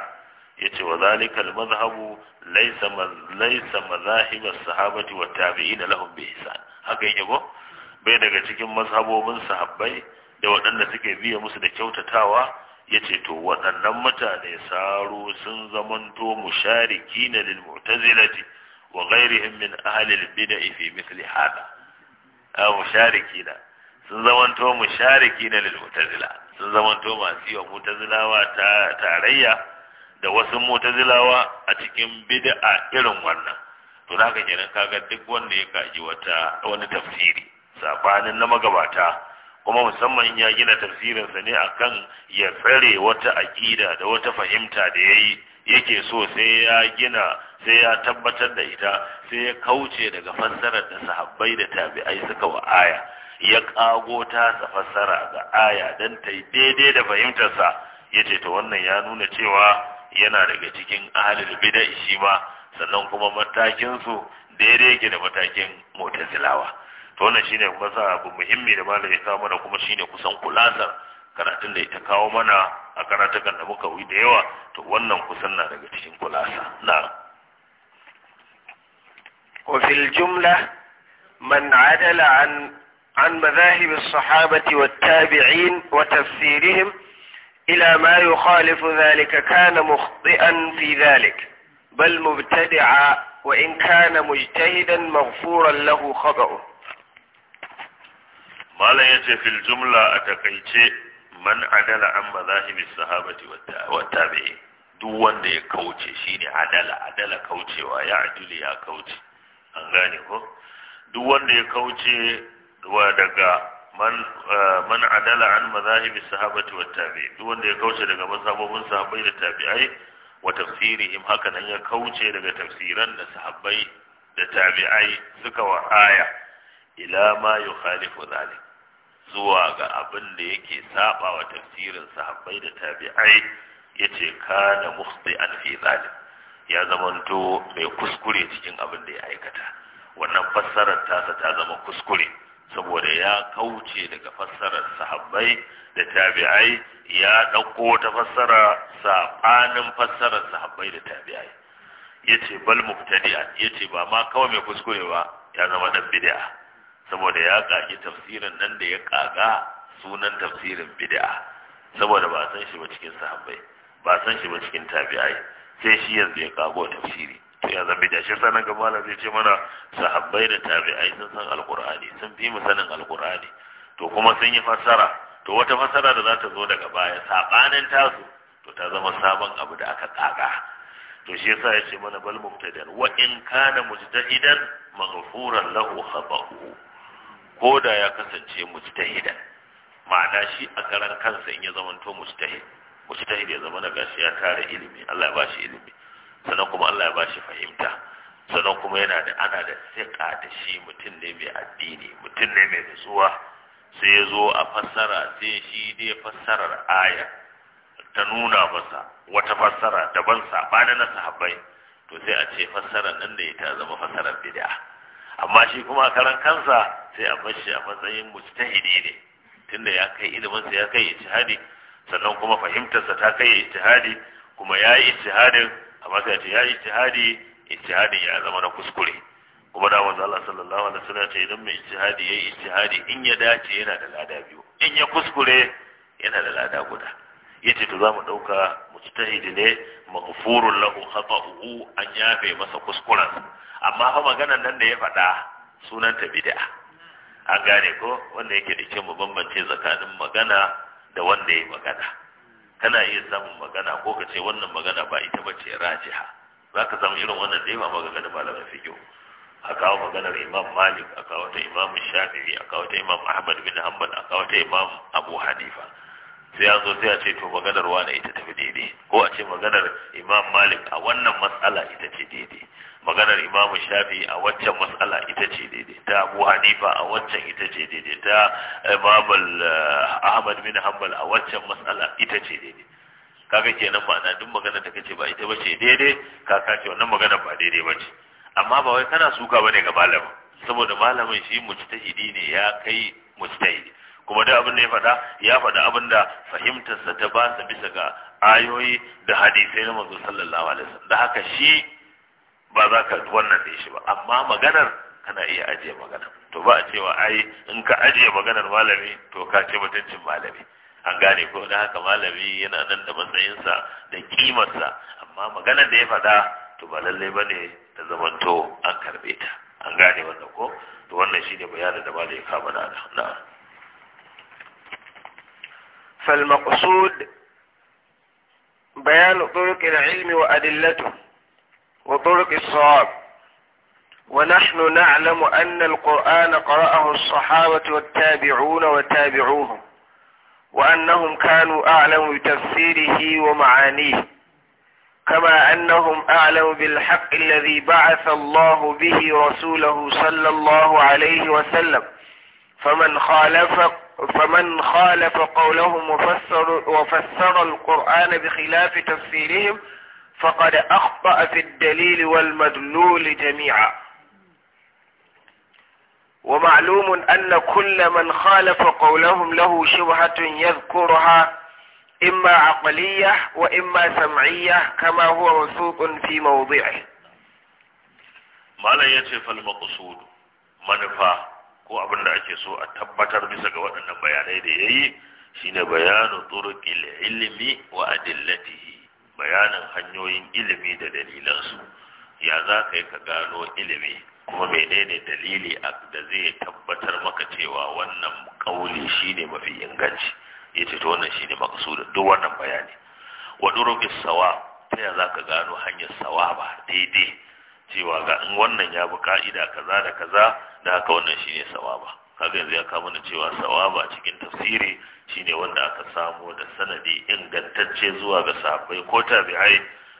yace wa zalika mazhabu laysa laysa mazahib as-sahabati wa tabi'in lahum bi ihsan haka yake bai daga cikin mazhabobin sahabbai da waɗanda suke biye musu da kyautatawa yace to waɗannan mutane saro sun zamanto musharikina lil mu'tazilati wa ghairihim min ahli al-bid'ah fi mithli hada musharikina sun zamanto shariki na lil mu'tazila sun zamanto masu yi wa mu'tazilawa ta tarayya da wasu mu'tazilawa a cikin bid'a irin wannan to ka kenan kaga duk wanda ya kaji wata wani tafsiri sabanin na magabata kuma musamman ya gina tafsirinsa ne akan ya tsare wata aƙida da wata fahimta da yayi yake so sai ya gina sai ya tabbatar da ita sai ya kauce daga fassarar da sahabbai da tabi'ai suka wa aya ya ƙago ta fassara ga aya don ta yi daidai da fahimtarsa ya ce ta wannan ya nuna cewa yana daga cikin ahalil bida shi ma sannan kuma matakinsu daidai yake da matakin motar zilawa Ta wannan ne kuma sa abu muhimmi da malami ya kawo mana kuma shi ne kusan kulasar karatun da ita kawo mana a karatukan da muka yi da yawa to wannan kusan na daga cikin kulasa na وفي الجملة من عدل عن عن مذاهب الصحابة والتابعين وتفسيرهم إلى ما يخالف ذلك كان مخطئا في ذلك بل مبتدعا وإن كان مجتهدا مغفورا له خطأه ما لا يجي في الجملة أتقيتي من عدل عن مذاهب الصحابة والتابعين دوان دي كوتي شيني عدل عدل كوتي ويعدل يا كوتي أنغاني هو دوان دي كوتي wa daga man eh, adala an mazahibi sahabati wa tabi wanda ya kauce daga mazhabobin sahabbai da tabi'ai wa tafsirihim haka nan ya kauce daga tafsiran da sahabbai da tabi'ai suka wa aya ila ma yukhalifu zalik zuwa ga abin da yake saba wa tafsirin sahabbai da tabi'ai yace kana mukhti'an fi zalik ya zamanto mai kuskure cikin abin da ya aikata wannan fassarar tasa ta zama kuskure saboda ya kauce daga fassarar sahabbai da tabi'ai ya ɗauko ta fassara saɓanin fassarar sahabbai da tabi'ai ya ce bal mubtadi'a ya ce ba ma kawai mai kuskure ba ya zama ɗan bid'a saboda ya ƙaƙi tafsirin nan da ya ƙaƙa sunan tafsirin bid'a saboda ba san shi ba cikin sahabbai ba san shi ba cikin tabi'ai sai shi yanzu ya ƙago tafsiri to ya zambi da shi sanan ga malam zai ce mana sahabbai da tabi'ai sun san alkur'ani sun fi mu sanin alkur'ani to kuma sun yi fassara to wata fassara da za ta zo daga baya sabanin tasu to ta zama sabon abu da aka tsaka. to shi yasa ya ce mana bal mubtadi'an wa in kana mujtahidan maghfuran lahu khata'u ko da ya kasance mujtahidan ma'ana shi a karan kansa in ya zamanto mujtahid mujtahid ya zama na gashi ya tare ilimi Allah ya bashi ilimi sannan kuma Allah ya bashi fahimta sannan kuma yana da ana da siƙa da shi mutum ne mai addini mutum ne mai nutsuwa sai ya zo a fassara sai shi ne fassarar aya ta nuna masa wata fassara daban saɓanin na sahabbai to sai a ce fassarar nan da ita zama fassarar bid'a amma shi kuma karan kansa sai a bar shi a matsayin mujtahidi ne tunda ya kai ilimin sa ya kai ijtihadi sannan kuma fahimtarsa ta kai ijtihadi kuma yayi yi ijtihadin amma sai ce ya ijtihadi ijtihadi ya zama na kuskure kuma da manzo Allah sallallahu alaihi wasallam ce idan mai ijtihadi yayi ijtihadi in ya dace yana da lada biyu in ya kuskure yana da lada guda yace to zamu dauka mujtahidi ne maghfurun lahu khata'uhu an yafe masa kuskuren amma fa maganar nan da ya faɗa sunan ta bid'a an gane ko wanda yake da kyau mu bambance tsakanin magana da wanda ya magana kana iya samun magana ko ka ce wannan magana ba ita ba ce rajiha za ka samu irin wannan da yawa ba malamin fikiyo a kawo maganar imam malik a kawo ta imam shafi'i a kawo ta imam ahmad bin hamad a kawo ta imam abu hanifa sai ya zo sai a ce to maganar wani ita tafi daidai ko a ce maganar imam malik a wannan matsala ita ce daidai maganar imamu shafi a waccan matsala ita ce daidai ta abu hanifa a waccan ita ce daidai ta imamul eh, ahmad bin hanbal a waccan matsala ita ce daidai kaga kenan ma'ana duk magana da kace ba ita ba ce daidai ka kace wannan magana ba daidai ba ce amma ba wai kana suka bane ga malamin saboda malamin shi mujtahidi ne ya kai mujtahidi kuma da abin da ya faɗa ya faɗa abin da fahimtarsa ta ba sa bisa ga ayoyi da hadisai na manzo sallallahu alaihi wasallam da haka shi ba za ka wannan da shi ba amma maganar kana iya ajiye maganar to ba a cewa ai in ka ajiye maganar malami to ka ce mutuncin malami an gane ko da haka malami yana nan da matsayinsa da kimarsa amma maganar da ya faɗa to ba lalle ba ne da zamanto an karbe ta an gane wannan ko to wannan shine bayanin da malami ya kama na na فالمقصود بيان طرق العلم وأدلته وطرق الصواب ونحن نعلم أن القرآن قرأه الصحابة والتابعون وتابعوهم وأنهم كانوا أعلم بتفسيره ومعانيه كما أنهم أعلم بالحق الذي بعث الله به رسوله صلى الله عليه وسلم فمن خالف فمن خالف قولهم وفسر, وفسر القرآن بخلاف تفسيرهم فقد أخطأ في الدليل والمدلول جميعا ومعلوم أن كل من خالف قولهم له شبهة يذكرها إما عقلية وإما سمعية كما هو موثوق في موضعه ما لا يتف المقصود منفى ko abin da ake so a tabbatar bisa ga waɗannan bayanai da ya yi bayanu wa adillatihi bayanin hanyoyin ilimi da dalilansu ya za ka yi ka gano ilimi kuma menene dalili a da zai tabbatar maka cewa wannan kauli shine mafi inganci ya ce to wannan shine maqsudin duk wannan bayani wa duruqis sawa ta ya za ka gano hanyar sa'wa ba daidai cewa ga in wannan ya bi ka'ida kaza da kaza da haka wannan shine ba? kaga yanzu ya kawo mana cewa sawaba cikin tafsiri shine wanda aka samu da sanadi ingantacce zuwa ga sahabbai ko tabi'ai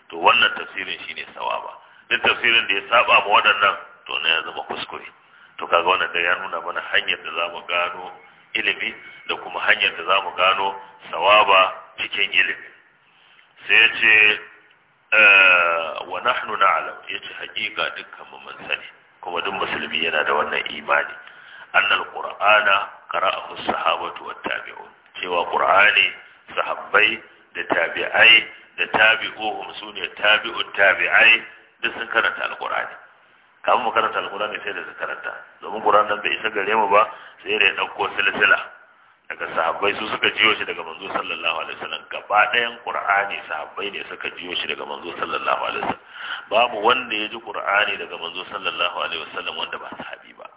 to wannan tafsirin shine sawaba duk tafsirin da ya saba ma waɗannan to na ya zama kuskure to kaga wannan da ya nuna mana hanyar da zamu gano ilimi da kuma hanyar da zamu gano sawaba cikin ilimi sai ya ce eh, wa nahnu na'lam yace hakika dukkan mu mun sani kuma duk musulmi yana da wannan imani annal qur'ana qara'ahu sahabatu wat tabi'un cewa qur'ani sahabbai da tabi'ai da tabi'uhum sune tabi'ut tabi'ai duk sun karanta alqur'ani kafin mu karanta alqur'ani sai da su karanta domin qur'an nan bai isa gare mu ba sai da ya dauko silsila daga sahabbai su suka jiyo shi daga manzo sallallahu alaihi wasallam gaba ɗayan qur'ani sahabbai ne suka jiyo shi daga manzo sallallahu alaihi wasallam babu wanda ya ji qur'ani daga manzo sallallahu alaihi wasallam wanda ba sahabi ba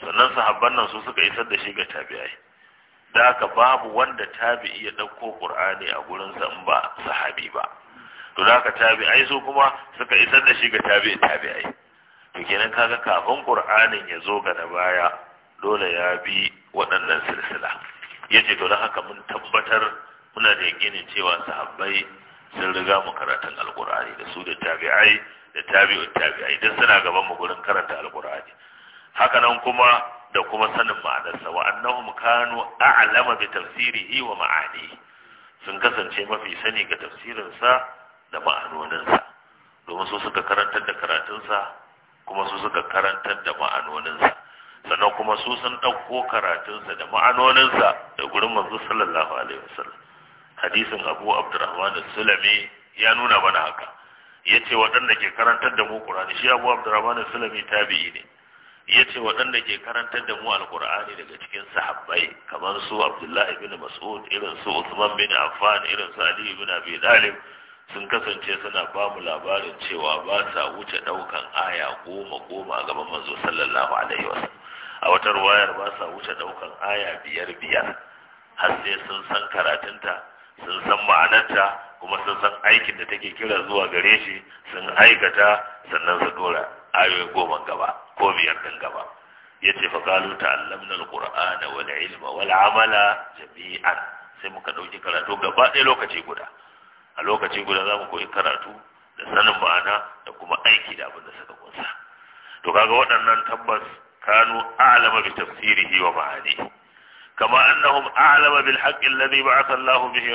sannan sahabban nan su suka isar da shi ga tabi'ai da aka babu wanda tabi'i ya ɗauko ƙur'ani a gurinsa in ba sahabi ba to da aka tabi'ai su kuma suka isar da shi ga tabi'i tabi'ai to kenan kaga kafin ƙur'anin ya zo ga na baya dole ya bi waɗannan silsila Ya ce to da haka mun tabbatar muna da yakinin cewa sahabbai sun riga mu karatun alƙur'ani da su da tabi'ai da tabi'ut tabi'ai duk suna gaban mu gurin karanta alƙur'ani haka nan kuma da kuma sanin ma'anarsa wa annahum kanu a'lama bi tafsirihi wa ma'ani sun kasance mafi sani ga tafsirinsa da ma'anoninsa domin su suka karantar da karatunsa kuma su suka karantar da ma'anoninsa sannan kuma su sun ɗauko karatunsa da ma'anoninsa da gurin manzo sallallahu alaihi wasallam hadisin abu abdurrahman sulami ya nuna mana haka yace waɗanda ke karantar da mu qur'ani shi abu abdurrahman sulami tabi'i ne ya ce waɗanda ke karantar da mu Alƙur'ani daga cikin sahabbai kamar su Abdullahi bin Mas'ud irin su Usman bin Affan irin su Ali bin Abi dalib sun kasance suna ba mu labarin cewa ba sa wuce ɗaukan aya goma goma a gaban manzo sallallahu alaihi wasallam a wata ruwayar ba sa wuce ɗaukan aya biyar biyar har sai sun san karatunta sun san ma'anarta kuma sun san aikin da take kira zuwa gare shi sun aikata sannan su dora ayoyi goma gaba ko biyar din gaba ce fa qalu ta'allamna alqur'ana wal ilma wal amala jami'an sai muka dauki karatu gaba ɗaya lokaci guda a lokaci guda za mu koyi karatu da sanin ma'ana da kuma aiki da abin da suka kunsa to kaga waɗannan tabbas kanu a'lama bi tafsirihi wa ma'ani kama annahum a'lama bil haqqi alladhi ba'atha Allah bihi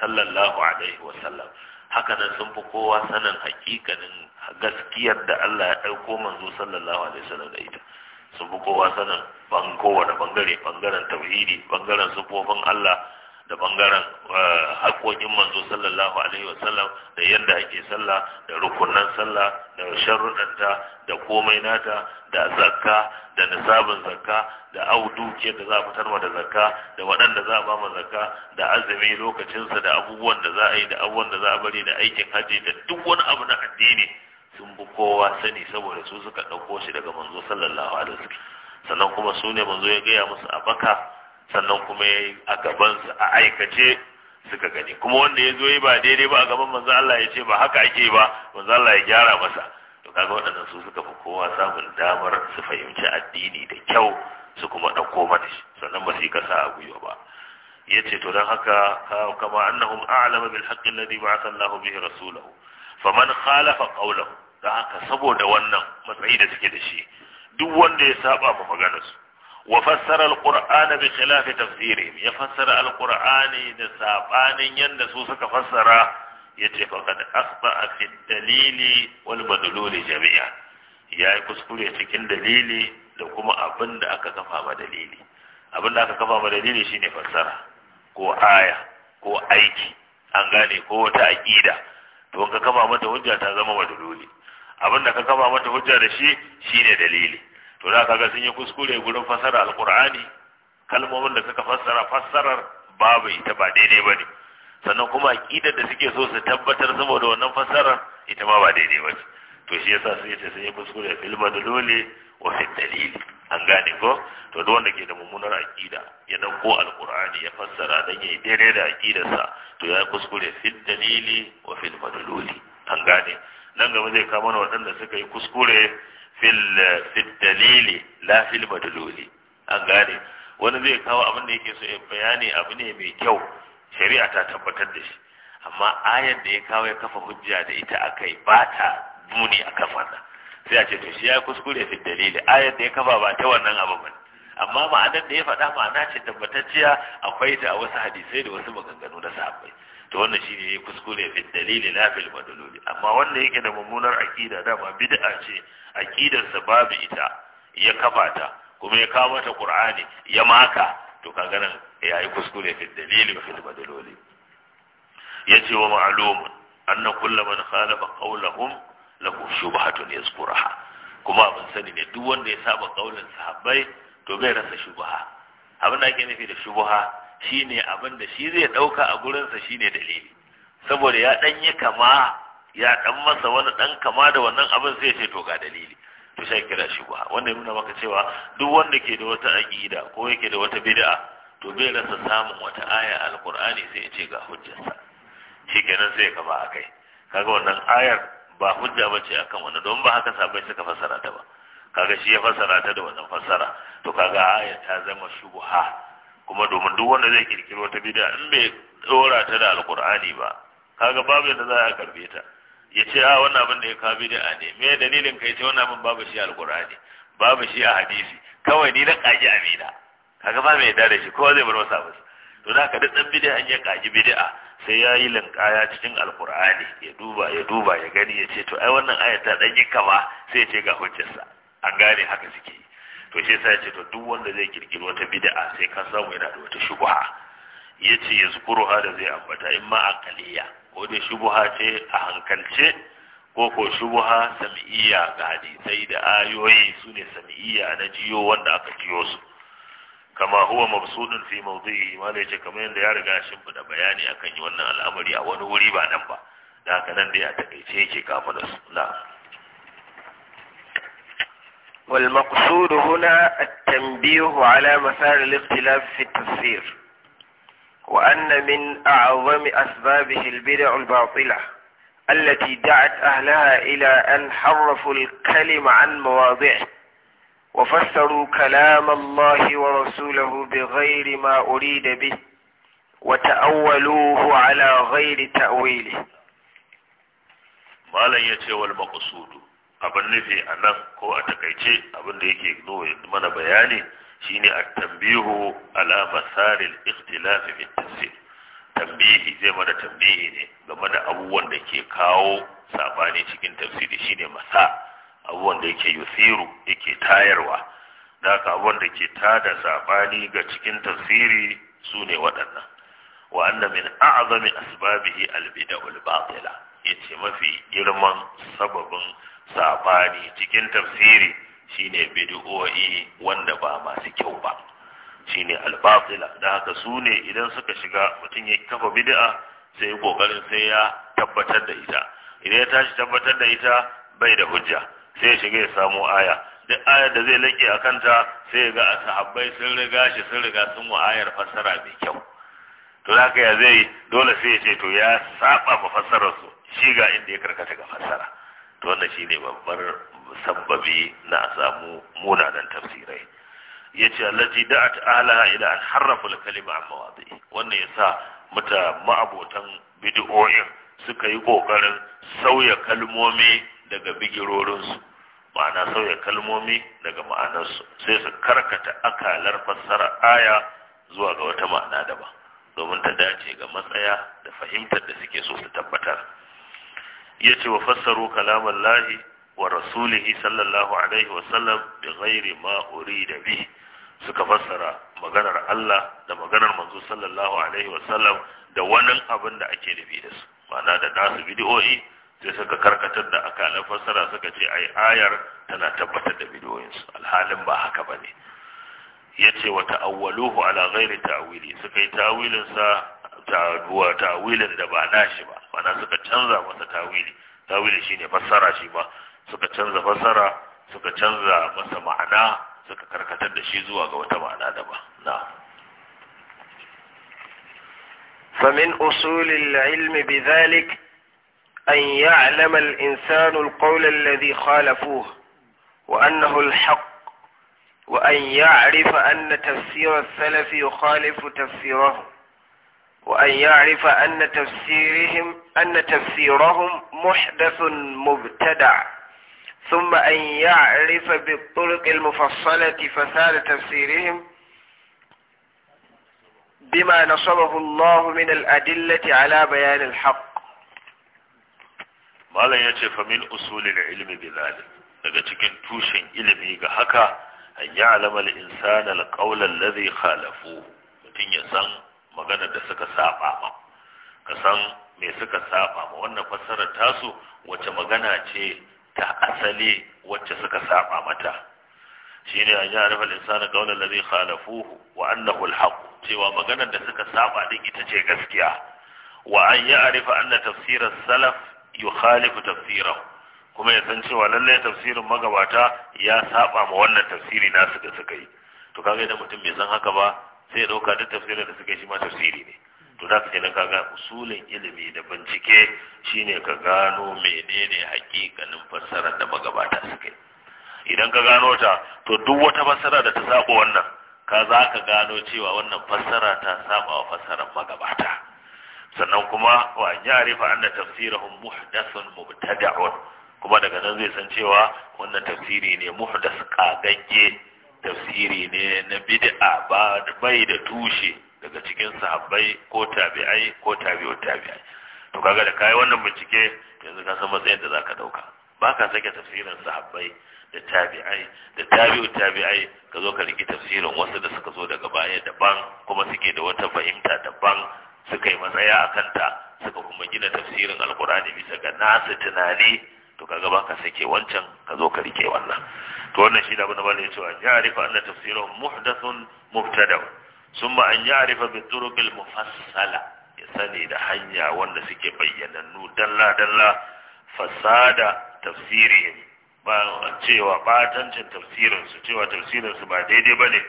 sallallahu alaihi wa sallam hakanan sun fi kowa sanin hakikanin gaskiyar da Allah ya ɗauko manzo sallallahu alaihi wasallam da ita sun fi kowa sanin ban kowane bangare bangaren tauhidi bangaren sufofin Allah da bangaren eh, haƙoƙin manzo sallallahu alaihi wasallam da yadda ake sallah da rukunan sallah da sharuɗanta da komai nata da zakka da nisabin zakka da ke da za a fitar da zakka da waɗanda za a ba ma zakka da azumi lokacinsa da abubuwan da za a yi da abubuwan da za a bari da aikin haji da duk wani abu na addini sun bi kowa sani saboda su suka ɗauko shi daga manzo sallallahu alaihi wasallam sannan kuma su ne manzo ya gaya musu a baka sannan kuma ya yi a gabansu a aikace suka gani kuma wanda ya zo yi ba daidai ba a gaban manzo Allah ya ce ba haka ake ba manzo Allah ya gyara masa to kaga waɗannan su suka fi kowa samun damar su fahimci addini da kyau su kuma ɗauko mata shi sannan ba su yi kasa a gwiwa ba ya ce to don haka kama annahum a'lama bil haqqi alladhi ba'atha Allah bihi rasulahu faman khalafa qawlahu da haka saboda wannan matsayi da suke da shi duk wanda ya saba ma maganarsu wa fassara alqur'ana bi khilafi tafsirihim ya fassara alqur'ani da saɓanin yanda su suka fassara yace faqad akhta fi dalili wal madluli jami'a yayi kuskure cikin dalili da kuma abin da aka kafa dalili abin da aka kafa ma dalili shine fassara ko aya ko aiki an gane ko wata aqida to ka kafa mata hujja ta zama madluli abin da ka kafa mata hujja da shi shine dalili to da kaga sun yi kuskure gurin fassara alqur'ani kalmomin da suka fassara fassarar babu ita ba daidai bane sannan kuma aqidar da suke so su tabbatar saboda wannan fassarar ita ma ba daidai bace to shi yasa sun yi sun yi kuskure fil madluli wa fil dalil an gane ko to duk wanda ke da mummunar aqida ya ko alqur'ani ya fassara dan yayi daidai da aqidarsa to ya kuskure fil dalili wa fil madluli an gane nan gaba zai kama na waɗanda suka yi kuskure fil dalili la fil madaloli an gane wani zai kawo abin da yake so ya bayani abu ne mai kyau shari'a ta tabbatar da shi amma ayar da ya kawo ya kafa hujja da ita akai ba ta duni a kan wannan sai a ce to shi ya kuskure fil dalili ayar da ya kafa ba ta wannan abu ba amma ma'anar da ya faɗa ma'ana ce tabbatacciya akwai ta a wasu hadisai da wasu maganganu na sahabbai to wannan shi ne kuskure fi dalili na fil madluli amma wanda yake da mummunar aqida dama bid'a ce aƙidarsa babu ita ya kafa ta kuma ya kawo ta qur'ani ya maka to kaga ya yi kuskure fi dalili wa fil madluli yace wa ma'lum anna kullu man khalafa qawlahum lahu shubhatun yazkuruha kuma abin sani ne duk wanda ya saba kaulin sahabbai to bai rasa shubha abin da ake nufi da shubha shine abin da shi zai ɗauka a gurinsa shine dalili saboda ya ɗan yi kama ya ɗan masa wani ɗan kama da wannan abin sai ce to ga dalili to sai kira shi ba wanda ya nuna maka cewa duk wanda ke da wata aqida ko yake da wata bid'a to bai rasa samun wata aya alqur'ani sai ya ce ga hujjarsa kenan sai ka ba akai kaga wannan ayar ba hujja bace akan wannan don ba haka sabai suka fassara ta ba kaga shi ya fassara ta da wannan fassara to kaga ayar ta zama shubha kuma domin duk wanda zai kirkiro ta bid'a in bai dora ta da alkur'ani ba kaga babu yadda za a karbe ta ya ce a ah, wannan abin da ya kawo bid'a ne me dalilin ka ce wannan abin babu shi alkur'ani babu shi a hadisi kawai ni na kaji amina kaga ba mai dare da shi kowa zai bar masa abin to da ka dan bid'a ya kaji bid'a sai ya yi linkaya cikin alkur'ani ya duba ya duba ya gani ya ce to ai wannan ayata dan yi kama sai ya ce ga hujjarsa an gane haka suke yi to shi sai ce to duk wanda zai kirkiri wata bid'a sai ka samu yana da wata shubha yace yazkuruha da zai ambata in ma aqaliya ko dai shubha ce a hankalce ko ko shubha sam'iyya ga hadisai da ayoyi sune sam'iyya na jiyo wanda aka jiyo su kama huwa mabsudun fi mawdihi wala yace kamar yanda ya riga shin da bayani akan yi wannan al'amari a wani wuri ba nan ba da haka nan dai a takaice yake kafa da su na'am والمقصود هنا التنبيه على مسار الاختلاف في التفسير وأن من أعظم أسبابه البدع الباطلة التي دعت أهلها إلى أن حرفوا الكلم عن مواضعه وفسروا كلام الله ورسوله بغير ما أريد به وتأولوه على غير تأويله ما لن يتوى المقصود abin nufi a nan ko a takaice abin da yake nuna mana bayani shine a tambihu alama tsarin ikhtilafi fi tafsir tambihi zai mana tambihi ne game da abubuwan da ke kawo sabani cikin tafsiri shine masa abubuwan da yake yusiru yake tayarwa da ka abubuwan da ke tada sabani ga cikin tafsiri su ne waɗannan wa annan min a'zami asbabihi al yace mafi girman sababin sabani cikin tafsiri shine bid'o'i wanda ba masu kyau ba shine albatila da haka su ne idan suka shiga mutum ya kafa bid'a sai ya kokarin sai ya tabbatar da ita idan ya tashi tabbatar da ita bai da hujja sai ya shiga ya samu aya duk ayar da zai lake a kanta sai ya ga sahabbai sun riga shi sun riga sun wa fassara mai kyau to haka ya zai dole sai ya ce to ya saba ma fassarar shi ga inda ya karkata ga fassara to wannan ne babbar musabbabi na a samu munanan tafsirai Ya yace allati da'at ala ila an harrafa kalima a mawadi wannan sa mata ma'abotan bid'o'in suka yi ƙoƙarin sauya kalmomi daga bigirorinsu ma'ana sauya kalmomi daga ma'anarsu sai su karkata akalar fassara aya zuwa ga wata ma'ana daban domin ta dace ga matsaya da fahimtar da suke so su tabbatar yace wa fassaru kalamallahi wa rasulihi sallallahu alaihi wa sallam bi ghairi ma da bi suka fassara maganar Allah da maganar manzo sallallahu alaihi wa da wani abin da ake nufi da su ma'ana da nasu bidiyoyi sai suka karkatar da akalan fassara suka ce ai ayar tana tabbatar da bidiyoyinsu alhalin ba haka bane yace wa ta'awwaluhu ala ghairi ta'wili suka yi tawilin ta'awilin da ba nashi ba ma'ana suka canza masa tawili tawili shine fassara shi ba suka canza fassara suka canza masa ma'ana suka karkatar da shi zuwa ga wata ma'ana da ba na فمن أصول العلم بذلك أن يعلم الإنسان القول الذي خالفوه وأنه الحق وأن يعرف أن تفسير السلف يخالف تفسيره وأن يعرف أن تفسيرهم أن تفسيرهم محدث مبتدع ثم أن يعرف بالطرق المفصلة فساد تفسيرهم بما نصبه الله من الأدلة على بيان الحق malam ya ce famin usulil ilmi bi zalik daga cikin tushen ilimi ga haka an ya'lama al-insana al-qawla alladhi khalafu mutun ya san maganar da suka saba ma ka san me suka saba ma wannan fassarar tasu wace magana ce ta asali wacce suka saba mata shine an yi arfa lisan qawl alladhi khalafu wa annahu alhaq cewa maganar da suka saba din ita ce gaskiya wa an ya'rifa anna tafsir tafsirar salaf yukhalifu tafsiran. kuma ya san cewa lalle tafsirin magabata ya saba ma wannan tafsiri nasu da suka yi to kaga idan mutum bai san haka ba sai ya dauka duk tafsirin da yi shi ma tafsiri ne to da kenan ga usulin ilimi da bincike shine ka gano menene hakikanin fassara da magabata suke idan ka gano ta to duk wata fassara da ta saba wannan ka za ka gano cewa wannan fassara ta saba wa fassarar magabata sannan kuma wa ya'rifa anna tafsirahum muhdathun mubtada'un kuma daga nan zai san cewa wannan tafsiri ne muhdas kagagge tafsiri ne na bid'a ba bai da tushe daga cikin sahabbai ko tabi'ai ko tabi'u tabi'ai to kaga da kai wannan bincike yanzu ka san matsayin da zaka dauka ba ka sake tafsirin sahabbai da tabi'ai da tabi'u tabi'ai ka zo ka riki tafsirin wasu da suka zo daga baya daban kuma suke da wata fahimta daban suka yi matsaya a kanta suka kuma gina tafsirin alkurani bisa ga nasu tunani to kaga baka sake wancan ka zo ka rike wannan to wannan shi da abin da malai ya ce an ya'rifa anna tafsiruhu muhdathun mubtada summa an ya'rifa bi turuqil mufassala ya sani da hanya wanda suke bayyanannu dalla dalla fasada tafsirihim ba cewa batancin tafsirin su cewa tafsirin su ba daidai bane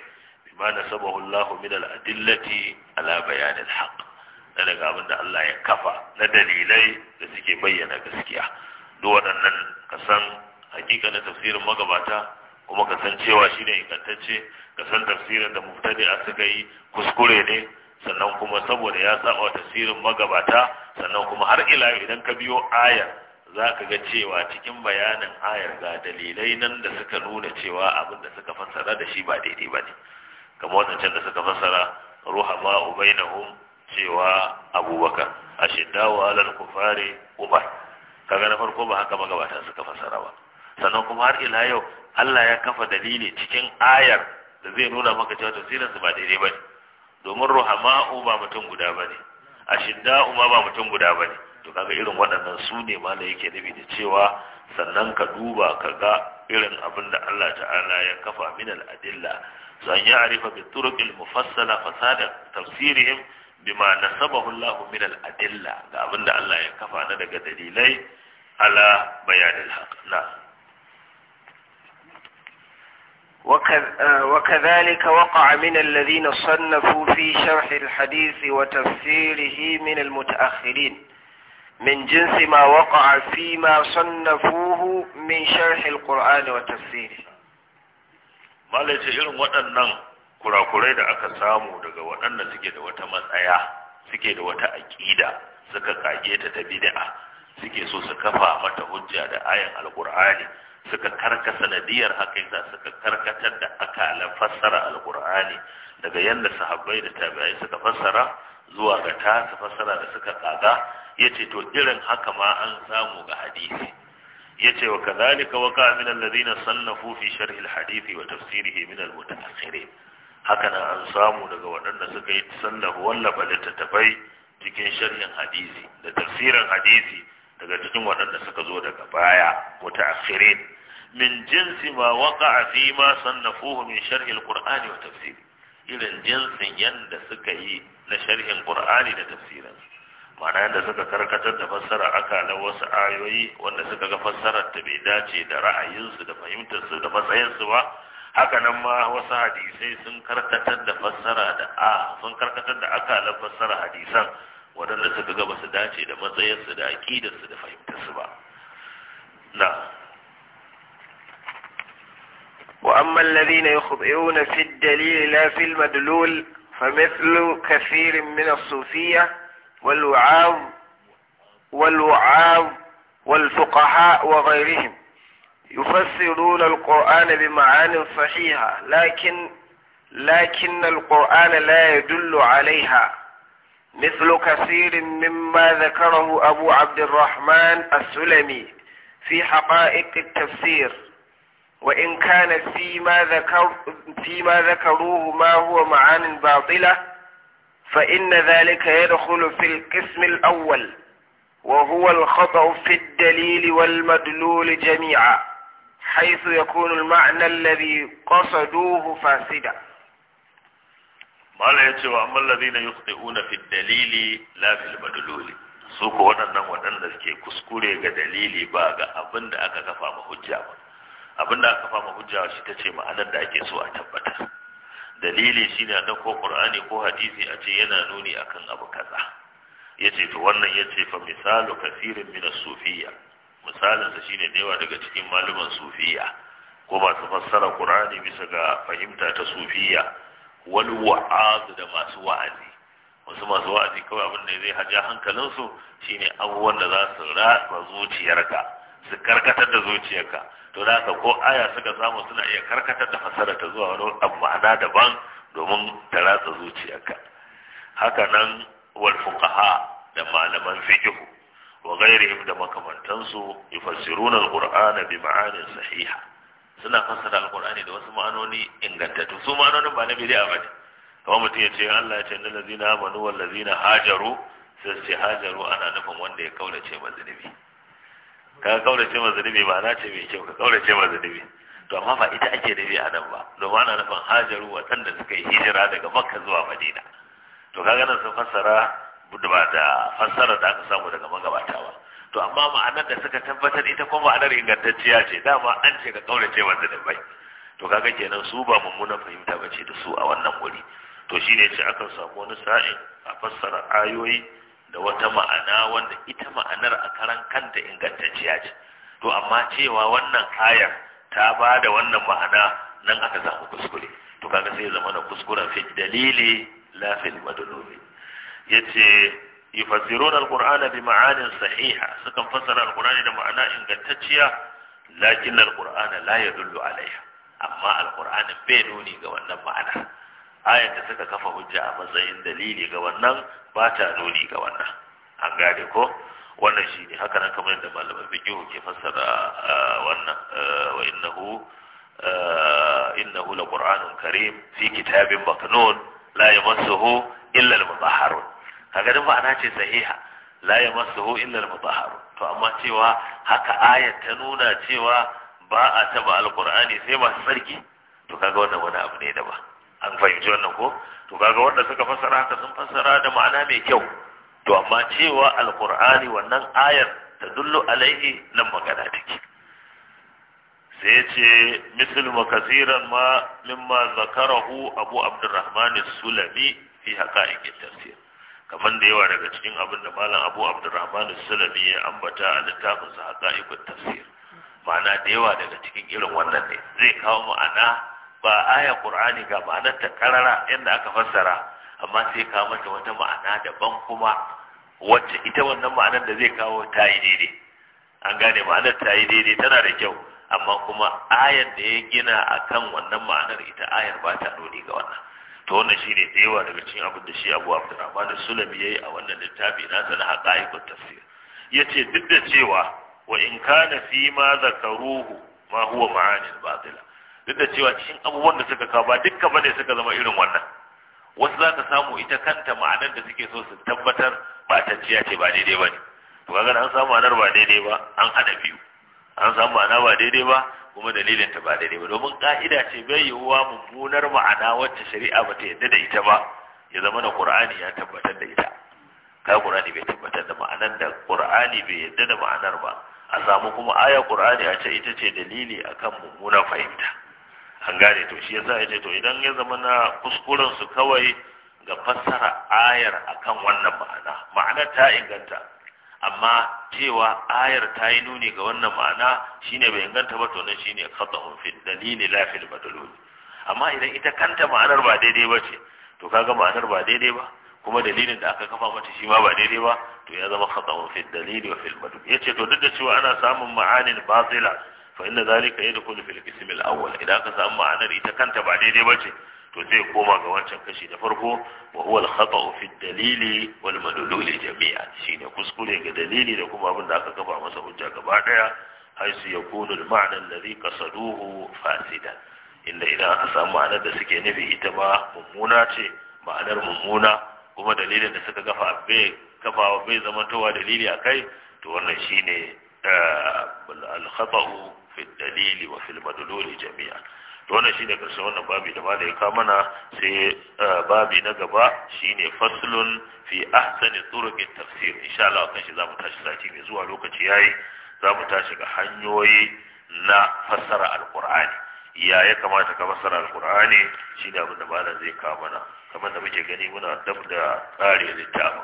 bima nasabahu Allahu min al-adillati ala bayan al Da daga abin da Allah ya kafa na dalilai da suke bayyana gaskiya duk waɗannan ka san hakika na tafsirin magabata kuma ka san cewa shi ne ingantacce ka san tafsirin da muftadi a suka yi kuskure ne sannan kuma saboda ya saba tafsirin magabata sannan kuma har ila idan ka biyo aya za ka ga cewa cikin bayanin ayar ga dalilai nan da suka nuna cewa abin da suka fassara da shi ba daidai ba ne kamar wancan da suka fassara ma ubainahum cewa abubakar ashiddawa alal kufari umar kaga na farko ba haka magabata suka fasara ba sannan kuma har ila yau Allah ya kafa dalili cikin ayar da zai nuna maka cewa tafsirin su ba daidai bane domin ruhama'u ba mutum guda bane ashidda'u ma ba mutum guda bane to kaga irin waɗannan su ne ma da yake nufi da cewa sannan ka duba ka ga irin abin da Allah ta'ala ya kafa min al-adilla so an ya'rifa bi turuq al-mufassala fasada tafsirihim bima nasabahu Allah min al-adilla ga abin da Allah ya kafa na daga dalilai ala bayanin haka na وكذلك وقع من الذين صنفوا في شرح الحديث وتفسيره من المتأخرين من جنس ما وقع فيما صنفوه من شرح القرآن وتفسيره ما لتجرم وأنن kurakurai da aka samu daga waɗanda suke da wata matsaya suke da wata aƙida suka kage ta ta bid'a suke so su kafa mata hujja da ayan alkur'ani suka karka sanadiyar haka yasa suka karkatar da akalan fassara alkur'ani daga yadda sahabbai da tabi'ai suka fassara zuwa ga ta su fassara da suka kaga ce to irin haka ma an samu ga hadisi yace wa kadhalika waqa min alladhina sallafu fi sharh alhadisi wa tafsirihi min almutaakhirin haka nan an samu daga waɗanda suka yi sannafu wallafa littattafai cikin sharhin hadisi da tafsirin hadisi daga cikin waɗanda suka zo daga baya mutaakhirin min jinsi ma waqa'a fi ma sannafuhu min sharhi al wa tafsir irin jinsin yanda suka yi na sharhin ƙur'ani da tafsirin ma'ana yadda suka karkatar da fassara akala wasu ayoyi wanda suka ga fassarar ta bai dace da ra'ayinsu da fahimtarsu da matsayinsu ba haka nan ma wasu hadisai sun karkatar da fassara da a sun karkatar da akalan fassara hadisan waɗanda suka ga basu dace da matsayinsu da aƙidarsu da fahimtarsu ba na وأما الذين يخطئون في الدليل لا في المدلول فمثل كثير من الصوفية والوعاظ والوعاظ والفقهاء وغيرهم يفسرون القرآن بمعان صحيحة لكن لكن القرآن لا يدل عليها مثل كثير مما ذكره أبو عبد الرحمن السلمي في حقائق التفسير وإن كان فيما, ذكر فيما ذكروه ما هو معان باطلة فإن ذلك يدخل في القسم الأول وهو الخطأ في الدليل والمدلول جميعا حيث يكون المعنى الذي قصدوه فاسدا mala ya ce wa amma ladina una fi dalili lafi fil su ko waɗannan waɗanda suke kuskure ga dalili ba ga abin da aka kafa ma hujja ba abin da aka kafa ma shi ta ce ma'anar da ake so a tabbata dalili shi ne a ko ƙur'ani ko hadisi a ce yana nuni akan abu kaza ce to wannan ya ce fa misalu kasirin min sufiya, misalin sa shine da yawa daga cikin malaman sufiya, ko masu fassara ƙur'ani bisa ga fahimta ta sufiya. Wani wa'azu da masu wa'azi wasu masu wa'azi kawai abin da zai haja hankalinsu shine abubuwan da za su ratsa zuciyarka su karkatar da zuciyarka to da ka ko aya suka samu suna iya karkatar da fasara ta zuwa wani abu ma'ana daban domin ta ratsa zuciyarka haka nan wal fuqaha da malaman fiqh wa ghairihim da makamantansu yufassiruna al-qur'ana bi ma'anin sahiha suna fassara alkur'ani da wasu ma'anoni ingantattu su ma'anonin ba na bid'a ba ne kamar mutum ya ce Allah ya ce na lazina amanu wal lazina hajaru sai su ce hajaru ana nufin wanda ya kaurace ma zunubi ka kaurace ma zunubi ba na ce mai kyau ka kaurace ma zunubi to amma ba ita ake nufi a ba domin ana nufin hajaru waɗanda suka yi hijira daga makka zuwa madina to kaga nan sun fassara ba da fassara da aka samu daga magabata ba to amma ma'anar da suka tabbatar ita kuma ma'anar ingantacciya ce dama an ce ka kaurace da bai to kaga kenan su ba mummunan fahimta ba ce da su a wannan wuri to shine ce akan samu wani sa'in a fassara ayoyi da wata ma'ana wanda ita ma'anar a karan kanta ingantacciya ce to amma cewa wannan kaya ta ba da wannan ma'ana nan aka samu kuskure to kaga sai zama na kuskuren fi dalili la madlumi yace yufassirun alqur'ana bi ma'anin sahiha sukan fassara alqur'ani da ma'ana ingantacciya lakin alqur'ana la yadullu alaiha amma alqur'ani bai nuni ga wannan ma'ana ayat da suka kafa hujja a matsayin dalili ga wannan ba ta nuni ga wannan an gane ko wannan shine haka nan kamar yadda malaman fiqh ke fassara wannan wa innahu innahu karim fi kitabin maknun la yamassuhu illa al-mutahharun kaga duk ma'ana ce sahiha la yamassuhu illa al-mutahhar to amma cewa haka aya ta nuna cewa ba a taba alqur'ani sai masu sarki to kaga wannan wani abu ne daban an fahimci wannan ko to kaga wanda suka fassara haka sun fassara da ma'ana mai kyau to amma cewa alqur'ani wannan ayar ta dullu alaihi nan magana take sai ya ce misal ma kasiran ma mimma zakarahu abu abdurrahman sulami fi a tafsir kamar da yawa daga cikin abin da malam abu abdurrahman salami ya ambata a littafin sa haqa'iqut tafsir ma'ana da yawa daga cikin irin wannan ne zai kawo ma'ana ba aya Kur'ani ga ma'anar ta karara yadda aka fassara amma sai kawo mata wata ma'ana daban kuma wacce ita wannan ma'anar da zai kawo ta yi daidai an gane ma'anar ta yi daidai tana da kyau amma kuma ayar da ya gina akan wannan ma'anar ita ayar ba ta nuni ga wannan to wannan ne da yawa daga cikin abin da shi Abu Abdurrahman ya yi a wannan littafi nasa na haqa'iqut Ya ce duk da cewa wa in kana fi ma zakaruhu ma huwa ma'ani batila duk da cewa cikin abubuwan da suka kawo ba dukkan bane suka zama irin wannan wasu za ka samu ita kanta ma'anar da suke so su tabbatar ba ce ba daidai ba ne to kaga an samu ma'anar ba daidai ba an haɗa biyu an samu ma'ana ba daidai ba kuma dalilin ta ba daidai ba domin ka'ida ce bai yiwuwa mummunar ma'ana wacce shari'a ba ta yadda da ita ba ya zama da qur'ani ya tabbatar da ita ka qur'ani bai tabbatar da ma'anar da qur'ani bai yadda da ma'anar ba a samu kuma aya qur'ani a ce ita ce dalili akan mummunar fahimta an gane to shi yasa yace to idan ya zama na kuskuren su kawai ga fassara ayar akan wannan ma'ana ma'anar ta inganta amma cewa ayar ta yi nuni ga wannan ma'ana shi ne bai inganta ba to shi ne khata'un fi dalili la fil madlul amma idan ita kanta ma'anar ba daidai ba ce to kaga ma'anar ba daidai ba kuma dalilin da aka kafa mata shi ma ba daidai ba to ya zama khata'un fi dalili wa fil madlul yace to duk da cewa ana samun ma'anin batila fa inna zalika yadkhulu fil qism al awwal idan ka samu ma'anar ita kanta ba daidai ba ce to zai koma ga wancan kashi da farko wa huwa al-khata'u fi dalili wal madluli jami'a shine kuskure ga dalili da kuma abin da aka kafa masa hujja gaba daya su yakunu al-ma'na alladhi qasaduhu fasidan inda idan a samu ma'anar da suke nufi ita ba mummuna ce ma'anar mummuna kuma dalilin da suka kafa bai kafawa bai towa dalili a kai to wannan shine eh, al-khata'u fi dalili wa fil madluli jami'a to wannan shine karshen wannan babi da ya ka mana sai eh, babi na gaba shine faslun fi ahsani turuq tafsir insha Allah kan shi zamu tashi sati mai zuwa lokaci yayi zamu tashi ga hanyoyi na fassara alqur'ani ya ya kamata ka fassara alqur'ani shine abin da malam zai ka mana kamar da muke gani muna dab da tsare littafin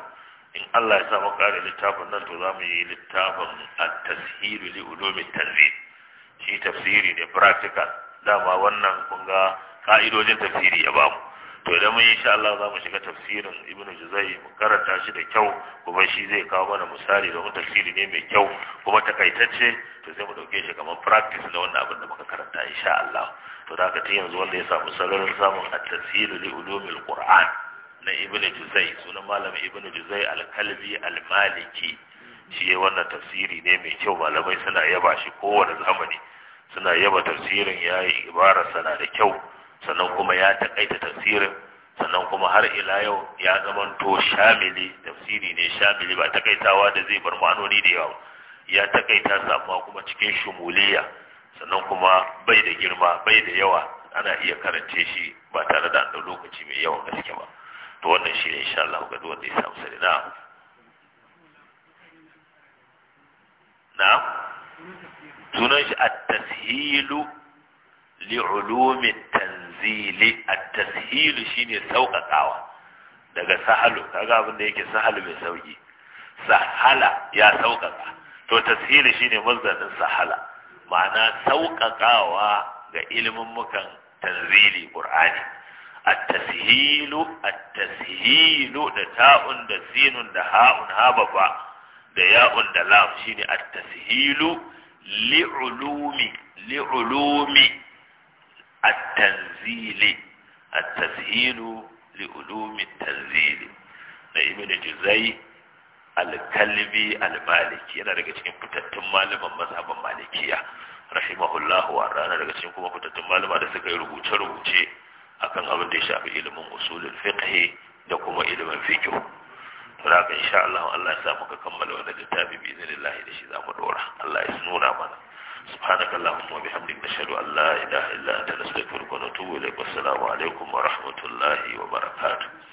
in Allah ya sa samu kare littafin nan to zamu yi littafin at-tashhir li ulumi tanzil shi tafsiri ne practical dama wannan kun ga ka'idojin tafsiri ya bamu to idan mun insha Allah za mu shiga tafsirin Ibn Juzai mu karanta shi da kyau kuma shi zai kawo mana misali da domin tafsiri ne mai kyau kuma takaitacce to sai mu dauke shi kamar practice na wannan abin da muka karanta insha Allah to da yanzu wanda ya samu sararin samun at-tafsir li ulumil Qur'an na Ibn Juzai sunan malamin Ibn Juzai al-Kalbi al-Maliki shi wannan tafsiri ne mai kyau malamai suna yaba shi kowane zamani suna yaba tafsirin ya yi ibarar sana da kyau sannan kuma ya taƙaita tafsirin sannan kuma har ila yau ya zamanto shamili tafsiri ne shamili ba takaitawa da zai bar ma'anoni da yawa ya takaita amma kuma cikin shumuliya sannan kuma bai da girma bai da yawa ana iya karance shi ba tare da ɗan lokaci mai yawan gaske ba to wannan shi ne insha Allah ga wanda ya samu sani na sunan shi at-tashilu li ulumi tanzili at-tashilu shine sauƙaƙawa daga sahalu kaga abin da yake sahalu mai sauƙi. sahala ya sauƙaƙa to tashilu shine masdar sahala ma'ana sauƙaƙawa ga ilimin mukan tanzili qur'ani at-tashilu at-tashilu da ta'un da sinun da ha'un ha da ya'un da lam shine at-tashilu li'ulumi li'ulumi at-tanzili at-tashilu li'ulumi at-tanzili na ibn juzai al-kalbi al-maliki yana daga cikin fitattun malaman mazhaban malikiya rahimahullah wa rana daga cikin kuma fitattun malama da suka yi rubuce-rubuce akan abin da ya shafi ilimin usulul fiqh da kuma ilimin fiqh da haka insha Allah Allah ya sa muka kammala wannan littafi bi izinin Allah da shi zamu dora Allah ya nuna mana subhanakallah wa bihamdika nashhadu an la ilaha illa anta nastaghfiruka wa natubu ilaik assalamu alaikum wa rahmatullahi wa barakatu.